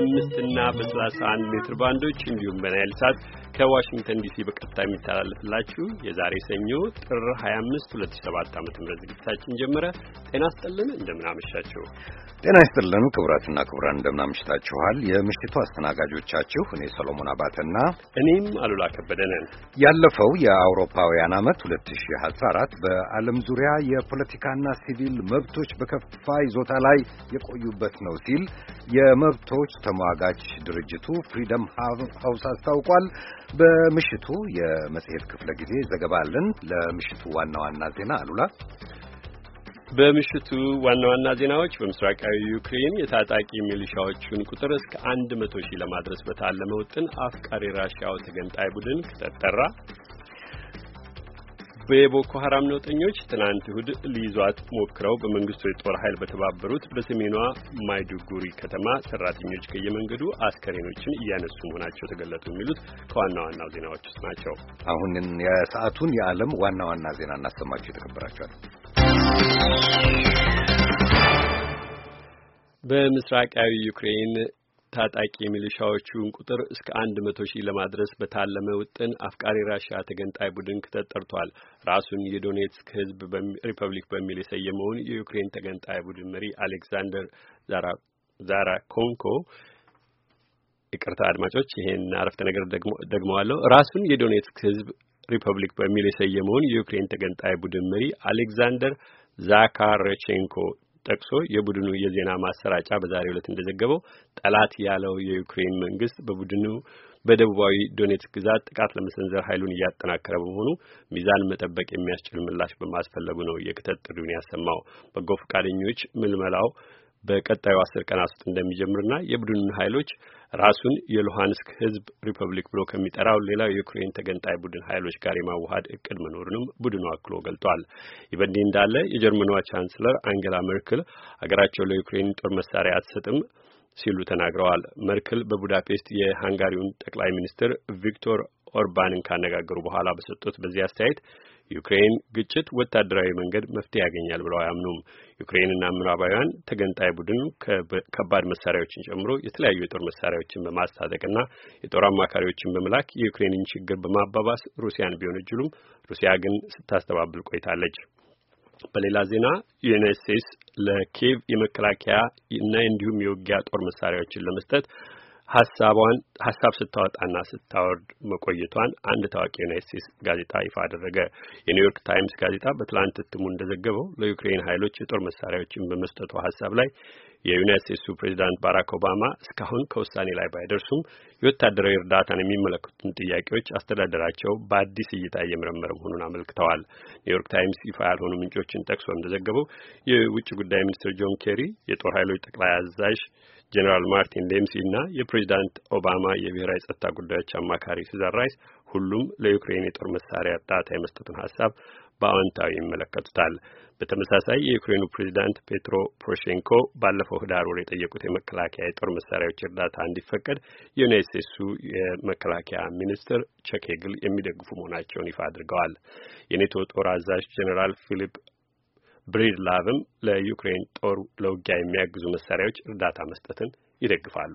በ25 እና በ31 ሜትር ባንዶች እንዲሁም በናይል ሳት ከዋሽንግተን ዲሲ በቀጥታ የሚተላለፍላችሁ የዛሬ ሰኞ ጥር 25 2007 ዓ.ም ዝግጅታችን ጀመረ። ጤና ይስጥልን፣ እንደምናመሻችሁ። ጤና ይስጥልን ክቡራትና ክቡራን፣ እንደምናመሽታችኋል። የምሽቱ አስተናጋጆቻችሁ እኔ ሰሎሞን አባተና እኔም አሉላ ከበደ ነን። ያለፈው የአውሮፓውያን ዓመት 2014 በዓለም ዙሪያ የፖለቲካና ሲቪል መብቶች በከፋ ይዞታ ላይ የቆዩበት ነው ሲል የመብቶች ተሟጋች ድርጅቱ ፍሪደም ሃውስ አስታውቋል። በምሽቱ የመጽሔት ክፍለ ጊዜ ዘገባ አለን። ለምሽቱ ዋና ዋና ዜና አሉላ በምሽቱ ዋና ዋና ዜናዎች በምስራቃዊ ዩክሬን የታጣቂ ሚሊሻዎቹን ቁጥር እስከ አንድ መቶ ሺህ ለማድረስ በታለመ ውጥን አፍቃሪ ራሽያው ተገንጣይ ቡድን ከተጠራ በየቦኮ ሀራም ነውጠኞች ትናንት እሁድ ሊይዟት ሞክረው በመንግስቱ የጦር ኃይል በተባበሩት በሰሜኗ ማይዱጉሪ ከተማ ሰራተኞች ከየመንገዱ አስከሬኖችን እያነሱ መሆናቸው ተገለጡ። የሚሉት ከዋና ዋናው ዜናዎች ውስጥ ናቸው። አሁን የሰዓቱን የዓለም ዋና ዋና ዜና እናሰማችሁ የተከበራቸዋል በምስራቃዊ ዩክሬን ታጣቂ ሚሊሻዎቹን ቁጥር እስከ አንድ መቶ ሺህ ለማድረስ በታለመ ውጥን አፍቃሪ ራሽያ ተገንጣይ ቡድን ክተት ራሱን የዶኔትስክ ህዝብ ሪፐብሊክ በሚል የሰየመውን የዩክሬን ተገንጣይ ቡድን መሪ አሌክዛንደር ዛራኮንኮ ይቅርታ አድማጮች፣ ይሄን አረፍተ ነገር ደግመዋለሁ። ራሱን የዶኔትስክ ህዝብ ሪፐብሊክ በሚል የሰየመውን የዩክሬን ተገንጣይ ቡድን መሪ አሌክዛንደር ዛካረቼንኮ ጠቅሶ የቡድኑ የዜና ማሰራጫ በዛሬው ዕለት እንደዘገበው ጠላት ያለው የዩክሬን መንግስት በቡድኑ በደቡባዊ ዶኔትስክ ግዛት ጥቃት ለመሰንዘር ኃይሉን እያጠናከረ በመሆኑ ሚዛን መጠበቅ የሚያስችል ምላሽ በማስፈለጉ ነው የክተት ጥሪውን ያሰማው። በጎ ፈቃደኞች ምልመላው በቀጣዩ አስር ቀናት ውስጥ እንደሚጀምርና የቡድኑን ኃይሎች ራሱን የሉሃንስክ ህዝብ ሪፐብሊክ ብሎ ከሚጠራው ሌላው የዩክሬን ተገንጣይ ቡድን ኃይሎች ጋር የማዋሃድ እቅድ መኖሩንም ቡድኑ አክሎ ገልጧል። ይህ በእንዲህ እንዳለ የጀርመኗ ቻንስለር አንገላ ሜርክል ሀገራቸው ለዩክሬን ጦር መሳሪያ አትሰጥም ሲሉ ተናግረዋል። መርክል በቡዳፔስት የሃንጋሪውን ጠቅላይ ሚኒስትር ቪክቶር ኦርባንን ካነጋገሩ በኋላ በሰጡት በዚህ አስተያየት ዩክሬን ግጭት ወታደራዊ መንገድ መፍትሄ ያገኛል ብለው አያምኑም። ዩክሬንና ምዕራባውያን ተገንጣይ ቡድን ከባድ መሳሪያዎችን ጨምሮ የተለያዩ የጦር መሳሪያዎችን በማስታጠቅና የጦር አማካሪዎችን በመላክ የዩክሬንን ችግር በማባባስ ሩሲያን ቢወነጅሉም ሩሲያ ግን ስታስተባብል ቆይታለች። በሌላ ዜና ዩናይት ስቴትስ ለኪየቭ የመከላከያ እና እንዲሁም የውጊያ ጦር መሳሪያዎችን ለመስጠት ሀሳቧን ሀሳብ ስታወጣና ስታወርድ መቆየቷን አንድ ታዋቂ ዩናይት ስቴትስ ጋዜጣ ይፋ አደረገ። የኒውዮርክ ታይምስ ጋዜጣ በትላንት እትሙ እንደዘገበው ለዩክሬን ኃይሎች የጦር መሳሪያዎችን በመስጠቱ ሀሳብ ላይ የዩናይት ስቴትሱ ፕሬዚዳንት ባራክ ኦባማ እስካሁን ከውሳኔ ላይ ባይደርሱም የወታደራዊ እርዳታን የሚመለከቱትን ጥያቄዎች አስተዳደራቸው በአዲስ እይታ እየመረመረ መሆኑን አመልክተዋል። ኒውዮርክ ታይምስ ይፋ ያልሆኑ ምንጮችን ጠቅሶ እንደዘገበው የውጭ ጉዳይ ሚኒስትር ጆን ኬሪ፣ የጦር ኃይሎች ጠቅላይ አዛዥ ጀነራል ማርቲን ዴምሲ እና የፕሬዚዳንት ኦባማ የብሔራዊ ጸጥታ ጉዳዮች አማካሪ ሲዛር ራይስ ሁሉም ለዩክሬን የጦር መሳሪያ እርዳታ የመስጠቱን ሀሳብ በአዎንታዊ ይመለከቱታል። በተመሳሳይ የዩክሬኑ ፕሬዚዳንት ፔትሮ ፖሮሼንኮ ባለፈው ህዳር ወር የጠየቁት የመከላከያ የጦር መሳሪያዎች እርዳታ እንዲፈቀድ የዩናይት ስቴትሱ የመከላከያ ሚኒስትር ቸክ ሄግል የሚደግፉ መሆናቸውን ይፋ አድርገዋል። የኔቶ ጦር አዛዥ ጀኔራል ፊሊፕ ላቭም ለዩክሬን ጦር ለውጊያ የሚያግዙ መሳሪያዎች እርዳታ መስጠትን ይደግፋሉ።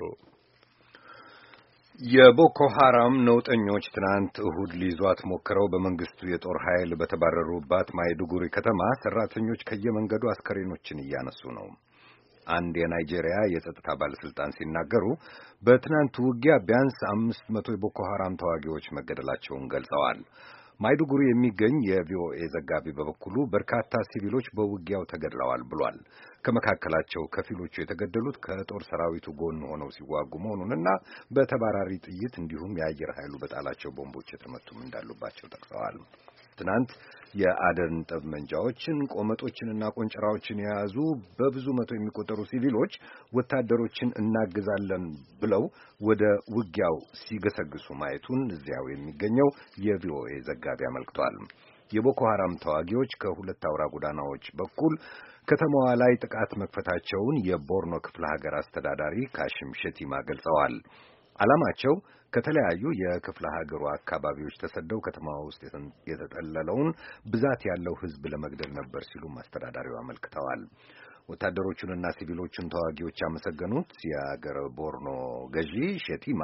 የቦኮ ሐራም ነውጠኞች ትናንት እሁድ ሊይዟት ሞክረው በመንግስቱ የጦር ኃይል በተባረሩባት ማይዱጉሪ ከተማ ሰራተኞች ከየመንገዱ አስከሬኖችን እያነሱ ነው። አንድ የናይጄሪያ የጸጥታ ባለስልጣን ሲናገሩ በትናንቱ ውጊያ ቢያንስ አምስት መቶ የቦኮ ሐራም ተዋጊዎች መገደላቸውን ገልጸዋል። ማይዱጉሩ የሚገኝ የቪኦኤ ዘጋቢ በበኩሉ በርካታ ሲቪሎች በውጊያው ተገድለዋል ብሏል። ከመካከላቸው ከፊሎቹ የተገደሉት ከጦር ሰራዊቱ ጎን ሆነው ሲዋጉ መሆኑንና በተባራሪ ጥይት እንዲሁም የአየር ኃይሉ በጣላቸው ቦምቦች የተመቱም እንዳሉባቸው ጠቅሰዋል። ትናንት የአደን ጠመንጃዎችን ቆመጦችንና ቆንጭራዎችን የያዙ በብዙ መቶ የሚቆጠሩ ሲቪሎች ወታደሮችን እናግዛለን ብለው ወደ ውጊያው ሲገሰግሱ ማየቱን እዚያው የሚገኘው የቪኦኤ ዘጋቢ አመልክቷል። የቦኮ ሐራም ተዋጊዎች ከሁለት አውራ ጎዳናዎች በኩል ከተማዋ ላይ ጥቃት መክፈታቸውን የቦርኖ ክፍለ ሀገር አስተዳዳሪ ካሽም ሸቲማ ገልጸዋል። ዓላማቸው ከተለያዩ የክፍለ ሀገሩ አካባቢዎች ተሰደው ከተማ ውስጥ የተጠለለውን ብዛት ያለው ሕዝብ ለመግደል ነበር ሲሉም አስተዳዳሪው አመልክተዋል። ወታደሮቹንና ሲቪሎቹን ተዋጊዎች ያመሰገኑት የአገረ ቦርኖ ገዢ ሼቲማ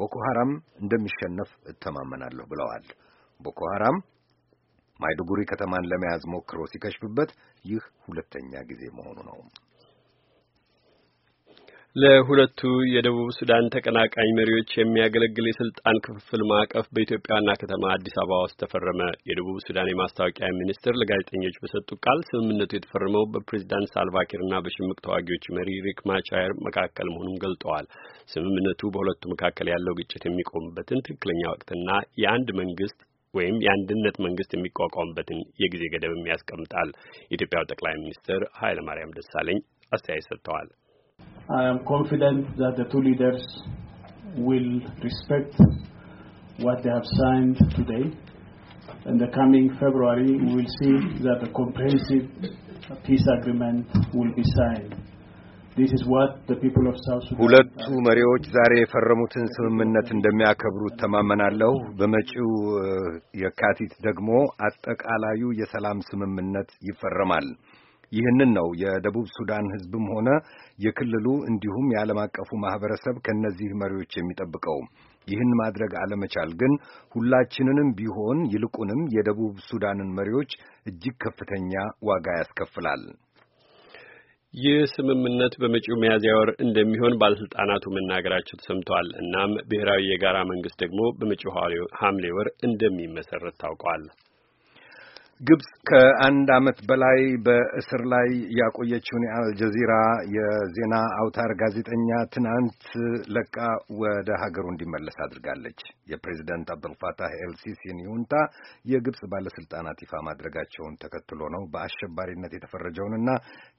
ቦኮ ሐራም እንደሚሸነፍ እተማመናለሁ ብለዋል። ቦኮ ሐራም ማይዱጉሪ ከተማን ለመያዝ ሞክሮ ሲከሽፍበት ይህ ሁለተኛ ጊዜ መሆኑ ነው። ለሁለቱ የደቡብ ሱዳን ተቀናቃኝ መሪዎች የሚያገለግል የስልጣን ክፍፍል ማዕቀፍ በኢትዮጵያ ዋና ከተማ አዲስ አበባ ውስጥ ተፈረመ። የደቡብ ሱዳን የማስታወቂያ ሚኒስትር ለጋዜጠኞች በሰጡ ቃል ስምምነቱ የተፈረመው በፕሬዚዳንት ሳልቫኪርና በሽምቅ ተዋጊዎች መሪ ሪክ ማቻየር መካከል መሆኑን ገልጠዋል። ስምምነቱ በሁለቱ መካከል ያለው ግጭት የሚቆምበትን ትክክለኛ ወቅትና የአንድ መንግስት ወይም የአንድነት መንግስት የሚቋቋምበትን የጊዜ ገደብም ያስቀምጣል። የኢትዮጵያው ጠቅላይ ሚኒስትር ኃይለማርያም ደሳለኝ አስተያየት ሰጥተዋል። I am confident that the two leaders will respect what they have signed today. In the coming February, we will see that a comprehensive peace agreement will be signed. ሁለቱ መሪዎች ዛሬ የፈረሙትን ስምምነት እንደሚያከብሩት ተማመናለሁ። በመጪው የካቲት ደግሞ አጠቃላዩ የሰላም ስምምነት ይፈረማል። ይህንን ነው የደቡብ ሱዳን ህዝብም ሆነ የክልሉ እንዲሁም የዓለም አቀፉ ማህበረሰብ ከእነዚህ መሪዎች የሚጠብቀው። ይህን ማድረግ አለመቻል ግን ሁላችንንም ቢሆን ይልቁንም የደቡብ ሱዳንን መሪዎች እጅግ ከፍተኛ ዋጋ ያስከፍላል። ይህ ስምምነት በመጪው ሚያዝያ ወር እንደሚሆን ባለስልጣናቱ መናገራቸው ተሰምቷል። እናም ብሔራዊ የጋራ መንግስት ደግሞ በመጪው ሐምሌ ወር እንደሚመሰረት ታውቋል። ግብጽ ከአንድ ዓመት በላይ በእስር ላይ ያቆየችውን የአልጀዚራ የዜና አውታር ጋዜጠኛ ትናንት ለቃ ወደ ሀገሩ እንዲመለስ አድርጋለች። የፕሬዚደንት አብዱልፋታህ ኤልሲሲን ይሁንታ የግብጽ ባለስልጣናት ይፋ ማድረጋቸውን ተከትሎ ነው በአሸባሪነት የተፈረጀውንና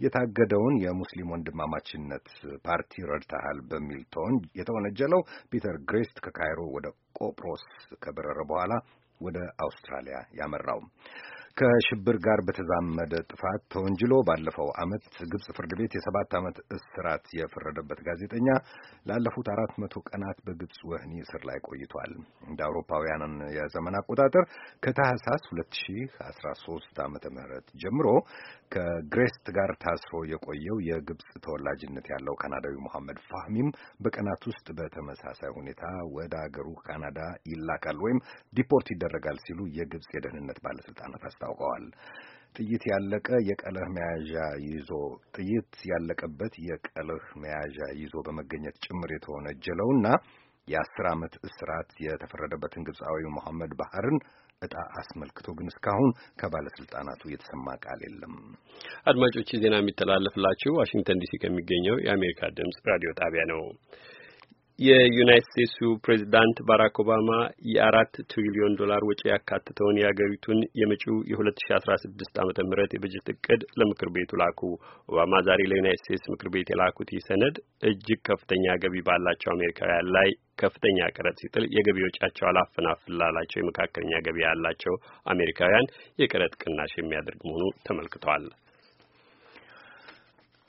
የታገደውን የሙስሊም ወንድማማችነት ፓርቲ ረድተሃል በሚል የተወነጀለው ፒተር ግሬስት ከካይሮ ወደ ቆጵሮስ ከበረረ በኋላ ወደ አውስትራሊያ ያመራው። ከሽብር ጋር በተዛመደ ጥፋት ተወንጅሎ ባለፈው ዓመት ግብፅ ፍርድ ቤት የሰባት ዓመት እስራት የፈረደበት ጋዜጠኛ ላለፉት አራት መቶ ቀናት በግብፅ ወህኒ እስር ላይ ቆይቷል። እንደ አውሮፓውያንን የዘመን አቆጣጠር ከታህሳስ 2013 ዓመተ ምህረት ጀምሮ ከግሬስት ጋር ታስሮ የቆየው የግብፅ ተወላጅነት ያለው ካናዳዊ መሐመድ ፋህሚም በቀናት ውስጥ በተመሳሳይ ሁኔታ ወደ አገሩ ካናዳ ይላካል ወይም ዲፖርት ይደረጋል ሲሉ የግብፅ የደህንነት ባለስልጣናት አስታውቀዋል። ጥይት ያለቀ የቀለህ መያዣ ይዞ ጥይት ያለቀበት የቀለህ መያዣ ይዞ በመገኘት ጭምር የተወነጀለውና የአስር ዓመት እስራት የተፈረደበትን ግብፃዊ መሐመድ ባህርን እጣ አስመልክቶ ግን እስካሁን ከባለስልጣናቱ የተሰማ ቃል የለም። አድማጮች ዜና የሚተላለፍላችሁ ዋሽንግተን ዲሲ ከሚገኘው የአሜሪካ ድምፅ ራዲዮ ጣቢያ ነው። የዩናይት ስቴትሱ ፕሬዚዳንት ባራክ ኦባማ የአራት ትሪሊዮን ዶላር ወጪ ያካተተውን የአገሪቱን የመጪው የ2016 ዓ ምህረት የበጀት እቅድ ለምክር ቤቱ ላኩ። ኦባማ ዛሬ ለዩናይት ስቴትስ ምክር ቤት የላኩት ይህ ሰነድ እጅግ ከፍተኛ ገቢ ባላቸው አሜሪካውያን ላይ ከፍተኛ ቀረጥ ሲጥል የገቢ ወጪያቸው አላፈናፍላላቸው የመካከለኛ ገቢ ያላቸው አሜሪካውያን የቀረጥ ቅናሽ የሚያደርግ መሆኑ ተመልክቷል።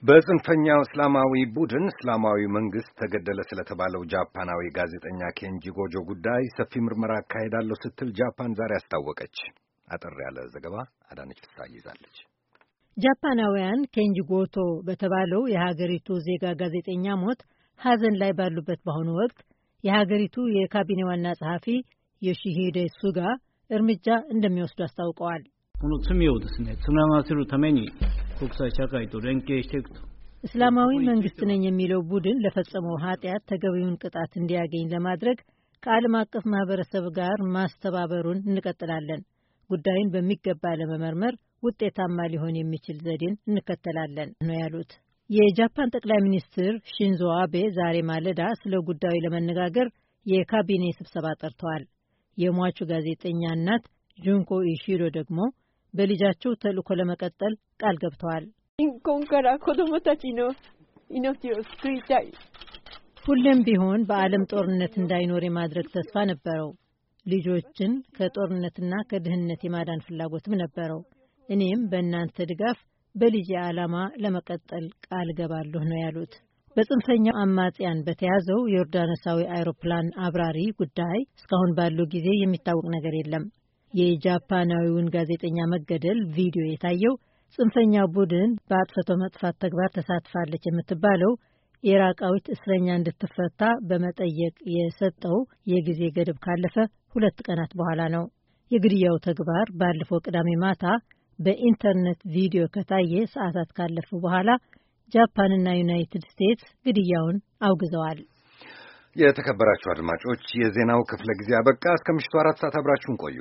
በጽንፈኛው እስላማዊ ቡድን እስላማዊ መንግስት ተገደለ ስለተባለው ጃፓናዊ ጋዜጠኛ ኬንጂ ጎጆ ጉዳይ ሰፊ ምርመራ አካሄዳለሁ ስትል ጃፓን ዛሬ አስታወቀች። አጠር ያለ ዘገባ አዳነች ፍስሐ ይዛለች። ጃፓናውያን ኬንጂ ጎቶ በተባለው የሀገሪቱ ዜጋ ጋዜጠኛ ሞት ሀዘን ላይ ባሉበት በአሁኑ ወቅት የሀገሪቱ የካቢኔ ዋና ጸሐፊ ዮሺሂዴ ሱጋ እርምጃ እንደሚወስዱ አስታውቀዋል። この罪をですね、償わせるために国際社会と連携していくと。እስላማዊ መንግስት ነኝ የሚለው ቡድን ለፈጸመው ኃጢአት ተገቢውን ቅጣት እንዲያገኝ ለማድረግ ከዓለም አቀፍ ማህበረሰብ ጋር ማስተባበሩን እንቀጥላለን። ጉዳዩን በሚገባ ለመመርመር ውጤታማ ሊሆን የሚችል ዘዴን እንከተላለን ነው ያሉት። የጃፓን ጠቅላይ ሚኒስትር ሺንዞ አቤ ዛሬ ማለዳ ስለ ጉዳዩ ለመነጋገር የካቢኔ ስብሰባ ጠርተዋል። የሟቹ ጋዜጠኛ እናት ጁንኮ ኢሺሮ ደግሞ በልጃቸው ተልእኮ ለመቀጠል ቃል ገብተዋል። ሁሌም ቢሆን በዓለም ጦርነት እንዳይኖር የማድረግ ተስፋ ነበረው። ልጆችን ከጦርነትና ከድህነት የማዳን ፍላጎትም ነበረው። እኔም በእናንተ ድጋፍ በልጄ ዓላማ ለመቀጠል ቃል ገባለሁ ነው ያሉት። በጽንፈኛው አማጽያን በተያዘው የዮርዳኖሳዊ አይሮፕላን አብራሪ ጉዳይ እስካሁን ባለው ጊዜ የሚታወቅ ነገር የለም። የጃፓናዊውን ጋዜጠኛ መገደል ቪዲዮ የታየው ጽንፈኛ ቡድን በአጥፍቶ መጥፋት ተግባር ተሳትፋለች የምትባለው ኢራቃዊት እስረኛ እንድትፈታ በመጠየቅ የሰጠው የጊዜ ገደብ ካለፈ ሁለት ቀናት በኋላ ነው። የግድያው ተግባር ባለፈው ቅዳሜ ማታ በኢንተርኔት ቪዲዮ ከታየ ሰዓታት ካለፉ በኋላ ጃፓንና ዩናይትድ ስቴትስ ግድያውን አውግዘዋል። የተከበራችሁ አድማጮች፣ የዜናው ክፍለ ጊዜ አበቃ። እስከ ምሽቱ አራት ሰዓት አብራችሁን ቆዩ።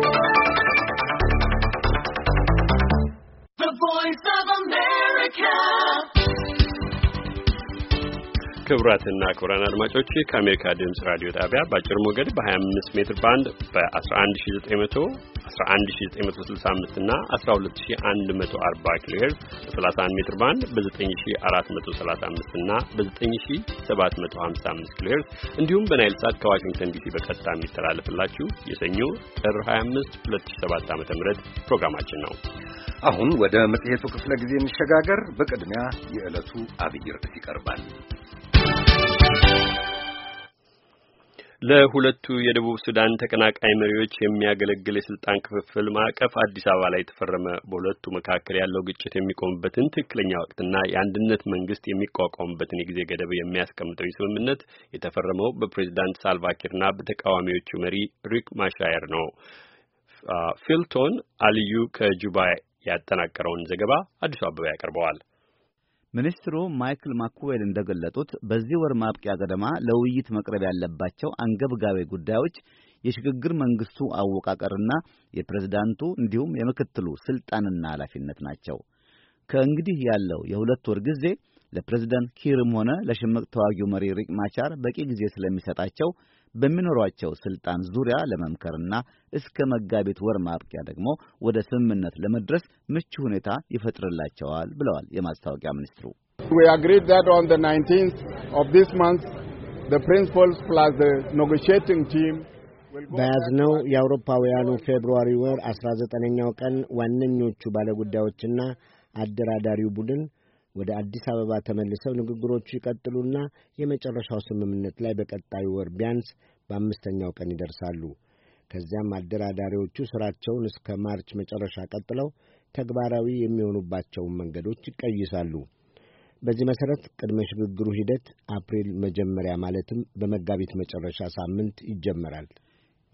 ክቡራትና ክቡራን አድማጮች ከአሜሪካ ድምፅ ራዲዮ ጣቢያ በአጭር ሞገድ በ25 ሜትር ባንድ በ11900 11965 እና 12140 ኪሎ ሄርዝ በ31 ሜትር ባንድ በ9435 እና በ9755 ኪሎ ሄርዝ እንዲሁም በናይል ሳት ከዋሽንግተን ዲሲ በቀጥታ የሚተላለፍላችሁ የሰኞ ጥር 25 2007 ዓ.ም ፕሮግራማችን ነው። አሁን ወደ መጽሔቱ ክፍለ ጊዜ እንሸጋገር። በቅድሚያ የዕለቱ አብይ ርዕስ ይቀርባል። ለሁለቱ የደቡብ ሱዳን ተቀናቃይ መሪዎች የሚያገለግል የስልጣን ክፍፍል ማዕቀፍ አዲስ አበባ ላይ ተፈረመ። በሁለቱ መካከል ያለው ግጭት የሚቆምበትን ትክክለኛ ወቅትና የአንድነት መንግስት የሚቋቋምበትን የጊዜ ገደብ የሚያስቀምጠው ስምምነት የተፈረመው በፕሬዚዳንት ሳልቫኪርና በተቃዋሚዎቹ መሪ ሪክ ማሻየር ነው። ፊልቶን አልዩ ከጁባ ያጠናቀረውን ዘገባ አዲሱ አበባ ያቀርበዋል። ሚኒስትሩ ማይክል ማኩዌል እንደገለጡት በዚህ ወር ማብቂያ ገደማ ለውይይት መቅረብ ያለባቸው አንገብጋቢ ጉዳዮች የሽግግር መንግስቱ አወቃቀርና የፕሬዝዳንቱ እንዲሁም የምክትሉ ስልጣንና ኃላፊነት ናቸው። ከእንግዲህ ያለው የሁለት ወር ጊዜ ለፕሬዝዳንት ኪርም ሆነ ለሽምቅ ተዋጊው መሪ ሪክ ማቻር በቂ ጊዜ ስለሚሰጣቸው በሚኖሯቸው ስልጣን ዙሪያ ለመምከርና እስከ መጋቢት ወር ማብቂያ ደግሞ ወደ ስምምነት ለመድረስ ምቹ ሁኔታ ይፈጥርላቸዋል ብለዋል የማስታወቂያ ሚኒስትሩ። በያዝነው የአውሮፓውያኑ ፌብሩዋሪ ወር 19ኛው ቀን ዋነኞቹ ባለጉዳዮችና አደራዳሪው ቡድን ወደ አዲስ አበባ ተመልሰው ንግግሮቹ ይቀጥሉና የመጨረሻው ስምምነት ላይ በቀጣዩ ወር ቢያንስ በአምስተኛው ቀን ይደርሳሉ። ከዚያም አደራዳሪዎቹ ሥራቸውን እስከ ማርች መጨረሻ ቀጥለው ተግባራዊ የሚሆኑባቸውን መንገዶች ይቀይሳሉ። በዚህ መሠረት ቅድመ ሽግግሩ ሂደት አፕሪል መጀመሪያ ማለትም በመጋቢት መጨረሻ ሳምንት ይጀመራል።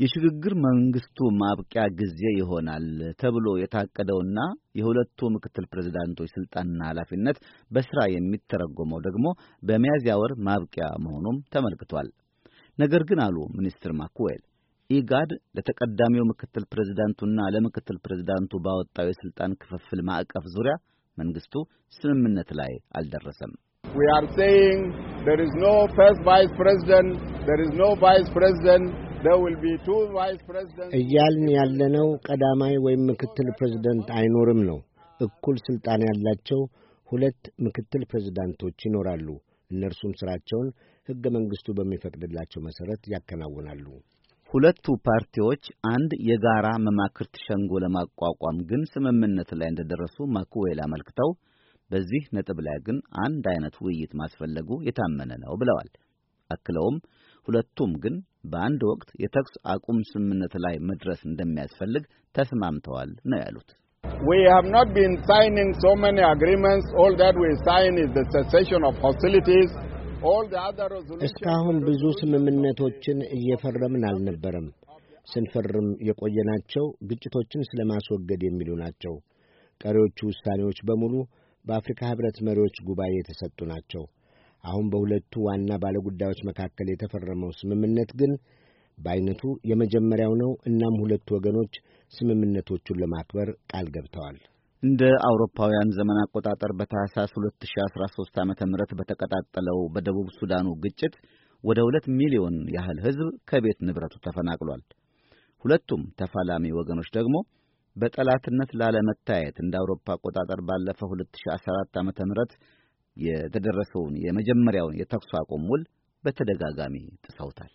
የሽግግር መንግስቱ ማብቂያ ጊዜ ይሆናል ተብሎ የታቀደውና የሁለቱ ምክትል ፕሬዚዳንቶች ስልጣንና ኃላፊነት በስራ የሚተረጎመው ደግሞ በሚያዝያ ወር ማብቂያ መሆኑም ተመልክቷል። ነገር ግን አሉ ሚኒስትር ማኩዌል ኢጋድ ለተቀዳሚው ምክትል ፕሬዚዳንቱና ለምክትል ፕሬዚዳንቱ ባወጣው የስልጣን ክፍፍል ማዕቀፍ ዙሪያ መንግስቱ ስምምነት ላይ አልደረሰም። We are saying there is no first vice president, there is no vice president. እያልን ያለነው ቀዳማይ ወይም ምክትል ፕሬዝደንት አይኖርም ነው። እኩል ሥልጣን ያላቸው ሁለት ምክትል ፕሬዝዳንቶች ይኖራሉ። እነርሱም ሥራቸውን ሕገ መንግሥቱ በሚፈቅድላቸው መሠረት ያከናውናሉ። ሁለቱ ፓርቲዎች አንድ የጋራ መማክርት ሸንጎ ለማቋቋም ግን ስምምነት ላይ እንደደረሱ ማኩዌል አመልክተው በዚህ ነጥብ ላይ ግን አንድ አይነት ውይይት ማስፈለጉ የታመነ ነው ብለዋል። አክለውም ሁለቱም ግን በአንድ ወቅት የተኩስ አቁም ስምምነት ላይ መድረስ እንደሚያስፈልግ ተስማምተዋል ነው ያሉት። እስካሁን ብዙ ስምምነቶችን እየፈረምን አልነበረም። ስንፈርም የቆየናቸው ግጭቶችን ስለማስወገድ የሚሉ ናቸው። ቀሪዎቹ ውሳኔዎች በሙሉ በአፍሪካ ኅብረት መሪዎች ጉባኤ የተሰጡ ናቸው። አሁን በሁለቱ ዋና ባለጉዳዮች መካከል የተፈረመው ስምምነት ግን በአይነቱ የመጀመሪያው ነው። እናም ሁለቱ ወገኖች ስምምነቶቹን ለማክበር ቃል ገብተዋል። እንደ አውሮፓውያን ዘመን አቆጣጠር በታህሳስ 2013 ዓ ም በተቀጣጠለው በደቡብ ሱዳኑ ግጭት ወደ ሁለት ሚሊዮን ያህል ሕዝብ ከቤት ንብረቱ ተፈናቅሏል። ሁለቱም ተፋላሚ ወገኖች ደግሞ በጠላትነት ላለመታየት እንደ አውሮፓ አቆጣጠር ባለፈው 2014 ዓ ም የተደረሰውን የመጀመሪያውን የተኩስ አቁም ውል በተደጋጋሚ ጥሰውታል።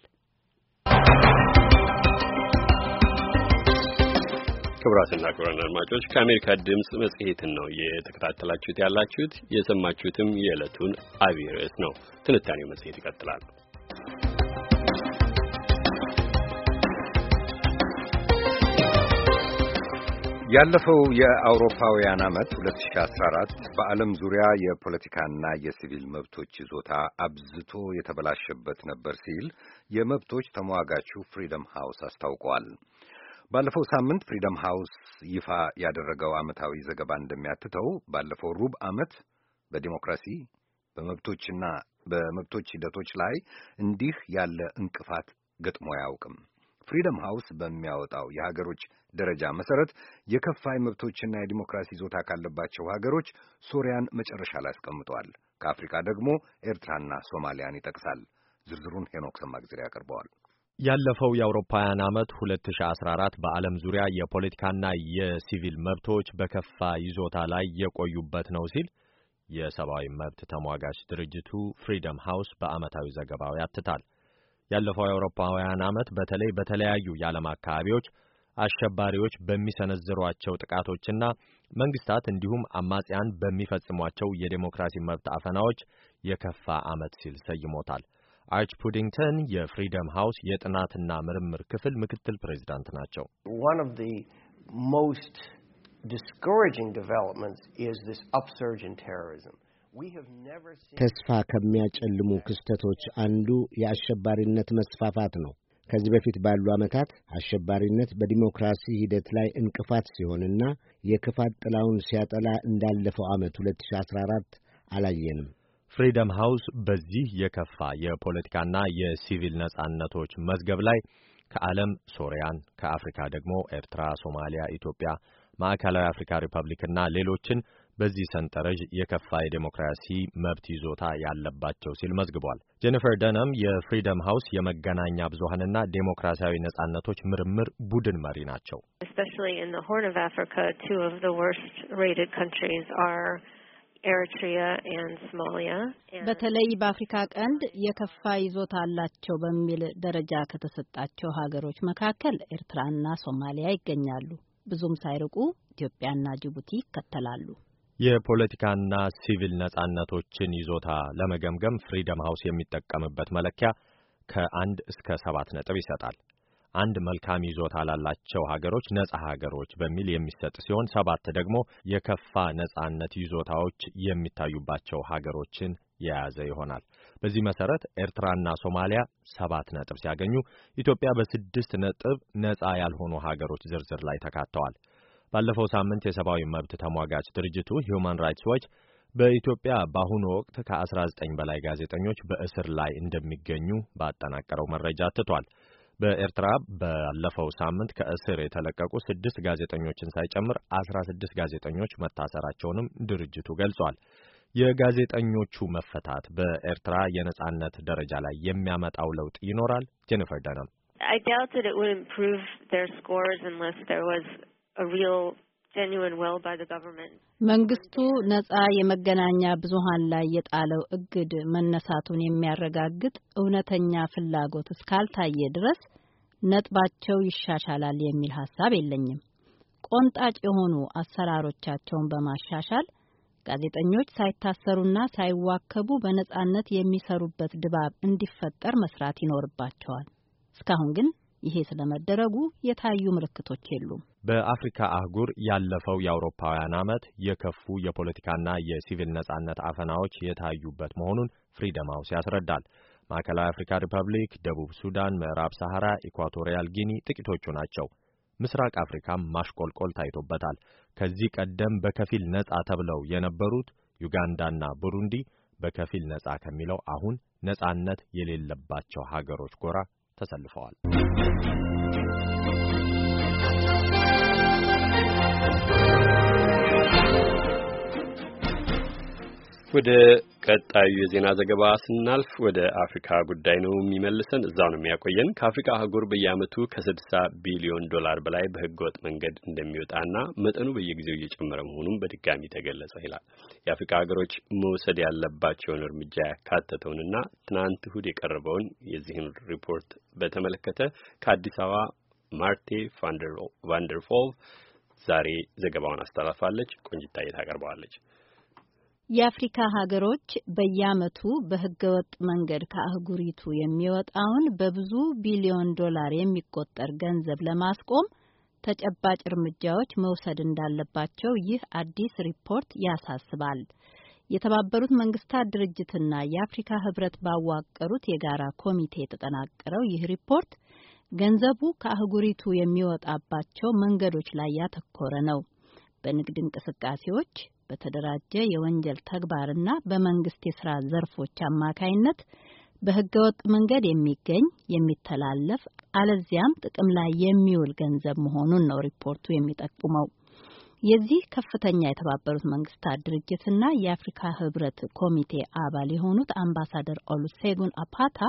ክቡራትና ክቡራን አድማጮች ከአሜሪካ ድምፅ መጽሔትን ነው የተከታተላችሁት ያላችሁት። የሰማችሁትም የዕለቱን አብይ ርዕስ ነው። ትንታኔው መጽሔት ይቀጥላል። ያለፈው የአውሮፓውያን ዓመት 2014 በዓለም ዙሪያ የፖለቲካና የሲቪል መብቶች ይዞታ አብዝቶ የተበላሸበት ነበር ሲል የመብቶች ተሟጋቹ ፍሪደም ሃውስ አስታውቋል። ባለፈው ሳምንት ፍሪደም ሃውስ ይፋ ያደረገው ዓመታዊ ዘገባ እንደሚያትተው ባለፈው ሩብ ዓመት በዲሞክራሲ በመብቶችና በመብቶች ሂደቶች ላይ እንዲህ ያለ እንቅፋት ገጥሞ አያውቅም። ፍሪደም ሃውስ በሚያወጣው የሀገሮች ደረጃ መሰረት የከፋይ መብቶችና የዲሞክራሲ ይዞታ ካለባቸው ሀገሮች ሶሪያን መጨረሻ ላይ አስቀምጠዋል። ከአፍሪካ ደግሞ ኤርትራና ሶማሊያን ይጠቅሳል። ዝርዝሩን ሄኖክ ሰማግዜር ያቀርበዋል። ያለፈው የአውሮፓውያን ዓመት 2014 በዓለም ዙሪያ የፖለቲካና የሲቪል መብቶች በከፋ ይዞታ ላይ የቆዩበት ነው ሲል የሰብአዊ መብት ተሟጋች ድርጅቱ ፍሪደም ሃውስ በዓመታዊ ዘገባው ያትታል። ያለፈው የአውሮፓውያን ዓመት በተለይ በተለያዩ የዓለም አካባቢዎች አሸባሪዎች በሚሰነዝሯቸው ጥቃቶችና መንግስታት እንዲሁም አማጽያን በሚፈጽሟቸው የዴሞክራሲ መብት አፈናዎች የከፋ ዓመት ሲል ሰይሞታል። አርች ፑዲንግተን የፍሪደም ሃውስ የጥናትና ምርምር ክፍል ምክትል ፕሬዚዳንት ናቸው። ሞስት ዲስኮሬጂንግ ዲቨሎፕመንትስ ኢዝ ዚስ አፕሰርጅ ኢን ቴሮሪዝም ተስፋ ከሚያጨልሙ ክስተቶች አንዱ የአሸባሪነት መስፋፋት ነው። ከዚህ በፊት ባሉ ዓመታት አሸባሪነት በዲሞክራሲ ሂደት ላይ እንቅፋት ሲሆንና የክፋት ጥላውን ሲያጠላ እንዳለፈው ዓመት 2014 አላየንም። ፍሪደም ሃውስ በዚህ የከፋ የፖለቲካና የሲቪል ነጻነቶች መዝገብ ላይ ከዓለም ሶሪያን፣ ከአፍሪካ ደግሞ ኤርትራ፣ ሶማሊያ፣ ኢትዮጵያ፣ ማዕከላዊ አፍሪካ ሪፐብሊክና ሌሎችን በዚህ ሰንጠረዥ የከፋ የዴሞክራሲ መብት ይዞታ ያለባቸው ሲል መዝግቧል። ጄኒፈር ደነም የፍሪደም ሃውስ የመገናኛ ብዙሀንና ዴሞክራሲያዊ ነጻነቶች ምርምር ቡድን መሪ ናቸው። በተለይ በአፍሪካ ቀንድ የከፋ ይዞታ አላቸው በሚል ደረጃ ከተሰጣቸው ሀገሮች መካከል ኤርትራና ሶማሊያ ይገኛሉ። ብዙም ሳይርቁ ኢትዮጵያና ጅቡቲ ይከተላሉ። የፖለቲካና ሲቪል ነጻነቶችን ይዞታ ለመገምገም ፍሪደም ሃውስ የሚጠቀምበት መለኪያ ከአንድ እስከ ሰባት ነጥብ ይሰጣል። አንድ መልካም ይዞታ ላላቸው ሀገሮች ነጻ ሀገሮች በሚል የሚሰጥ ሲሆን ሰባት ደግሞ የከፋ ነጻነት ይዞታዎች የሚታዩባቸው ሀገሮችን የያዘ ይሆናል። በዚህ መሰረት ኤርትራና ሶማሊያ ሰባት ነጥብ ሲያገኙ ኢትዮጵያ በስድስት ነጥብ ነጻ ያልሆኑ ሀገሮች ዝርዝር ላይ ተካተዋል። ባለፈው ሳምንት የሰብአዊ መብት ተሟጋች ድርጅቱ ሂዩማን ራይትስ ዎች በኢትዮጵያ በአሁኑ ወቅት ከ19 በላይ ጋዜጠኞች በእስር ላይ እንደሚገኙ ባጠናቀረው መረጃ ትቷል። በኤርትራ ባለፈው ሳምንት ከእስር የተለቀቁ ስድስት ጋዜጠኞችን ሳይጨምር 16 ጋዜጠኞች መታሰራቸውንም ድርጅቱ ገልጿል። የጋዜጠኞቹ መፈታት በኤርትራ የነጻነት ደረጃ ላይ የሚያመጣው ለውጥ ይኖራል? ጄኒፈር ደነም a real genuine will by the government. መንግስቱ ነጻ የመገናኛ ብዙሃን ላይ የጣለው እግድ መነሳቱን የሚያረጋግጥ እውነተኛ ፍላጎት እስካልታየ ድረስ ነጥባቸው ይሻሻላል የሚል ሀሳብ የለኝም። ቆንጣጭ የሆኑ አሰራሮቻቸውን በማሻሻል ጋዜጠኞች ሳይታሰሩና ሳይዋከቡ በነጻነት የሚሰሩበት ድባብ እንዲፈጠር መስራት ይኖርባቸዋል። እስካሁን ግን ይሄ ስለመደረጉ የታዩ ምልክቶች የሉም። በአፍሪካ አህጉር ያለፈው የአውሮፓውያን ዓመት የከፉ የፖለቲካና የሲቪል ነጻነት አፈናዎች የታዩበት መሆኑን ፍሪደም ሃውስ ያስረዳል። ማዕከላዊ አፍሪካ ሪፐብሊክ፣ ደቡብ ሱዳን፣ ምዕራብ ሰሐራ፣ ኢኳቶሪያል ጊኒ ጥቂቶቹ ናቸው። ምስራቅ አፍሪካም ማሽቆልቆል ታይቶበታል። ከዚህ ቀደም በከፊል ነጻ ተብለው የነበሩት ዩጋንዳና ቡሩንዲ በከፊል ነጻ ከሚለው አሁን ነጻነት የሌለባቸው ሀገሮች ጎራ ተሰልፈዋል። ወደ ቀጣዩ የዜና ዘገባ ስናልፍ ወደ አፍሪካ ጉዳይ ነው የሚመልሰን፣ እዛ ነው የሚያቆየን። ከአፍሪካ አህጉር በየዓመቱ ከ60 ቢሊዮን ዶላር በላይ በህገወጥ መንገድ እንደሚወጣና መጠኑ በየጊዜው እየጨመረ መሆኑን በድጋሚ ተገለጸ ይላል። የአፍሪካ ሀገሮች መውሰድ ያለባቸውን እርምጃ ያካተተውንና ትናንት እሁድ የቀረበውን የዚህን ሪፖርት በተመለከተ ከአዲስ አበባ ማርቴ ቫንደርፎል ዛሬ ዘገባውን አስተላልፋለች። ቆንጅታ የታቀርበዋለች። የአፍሪካ ሀገሮች በየዓመቱ በህገወጥ መንገድ ከአህጉሪቱ የሚወጣውን በብዙ ቢሊዮን ዶላር የሚቆጠር ገንዘብ ለማስቆም ተጨባጭ እርምጃዎች መውሰድ እንዳለባቸው ይህ አዲስ ሪፖርት ያሳስባል። የተባበሩት መንግስታት ድርጅትና የአፍሪካ ህብረት ባዋቀሩት የጋራ ኮሚቴ የተጠናቀረው ይህ ሪፖርት ገንዘቡ ከአህጉሪቱ የሚወጣባቸው መንገዶች ላይ ያተኮረ ነው። በንግድ እንቅስቃሴዎች፣ በተደራጀ የወንጀል ተግባርና በመንግስት የስራ ዘርፎች አማካይነት በህገወጥ መንገድ የሚገኝ የሚተላለፍ አለዚያም ጥቅም ላይ የሚውል ገንዘብ መሆኑን ነው ሪፖርቱ የሚጠቁመው። የዚህ ከፍተኛ የተባበሩት መንግስታት ድርጅትና የአፍሪካ ህብረት ኮሚቴ አባል የሆኑት አምባሳደር ኦሉሴጉን አፓታ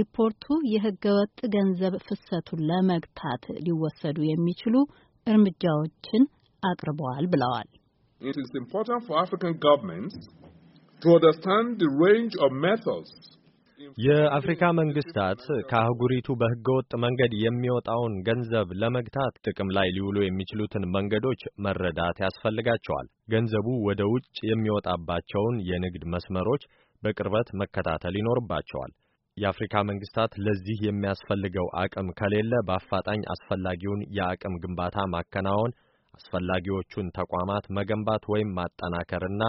ሪፖርቱ የህገወጥ ገንዘብ ፍሰቱን ለመግታት ሊወሰዱ የሚችሉ እርምጃዎችን አቅርበዋል ብለዋል። it is important for African governments to understand the range of methods የአፍሪካ መንግስታት ከአህጉሪቱ በህገወጥ መንገድ የሚወጣውን ገንዘብ ለመግታት ጥቅም ላይ ሊውሉ የሚችሉትን መንገዶች መረዳት ያስፈልጋቸዋል። ገንዘቡ ወደ ውጭ የሚወጣባቸውን የንግድ መስመሮች በቅርበት መከታተል ይኖርባቸዋል። የአፍሪካ መንግስታት ለዚህ የሚያስፈልገው አቅም ከሌለ በአፋጣኝ አስፈላጊውን የአቅም ግንባታ ማከናወን አስፈላጊዎቹን ተቋማት መገንባት ወይም ማጠናከርና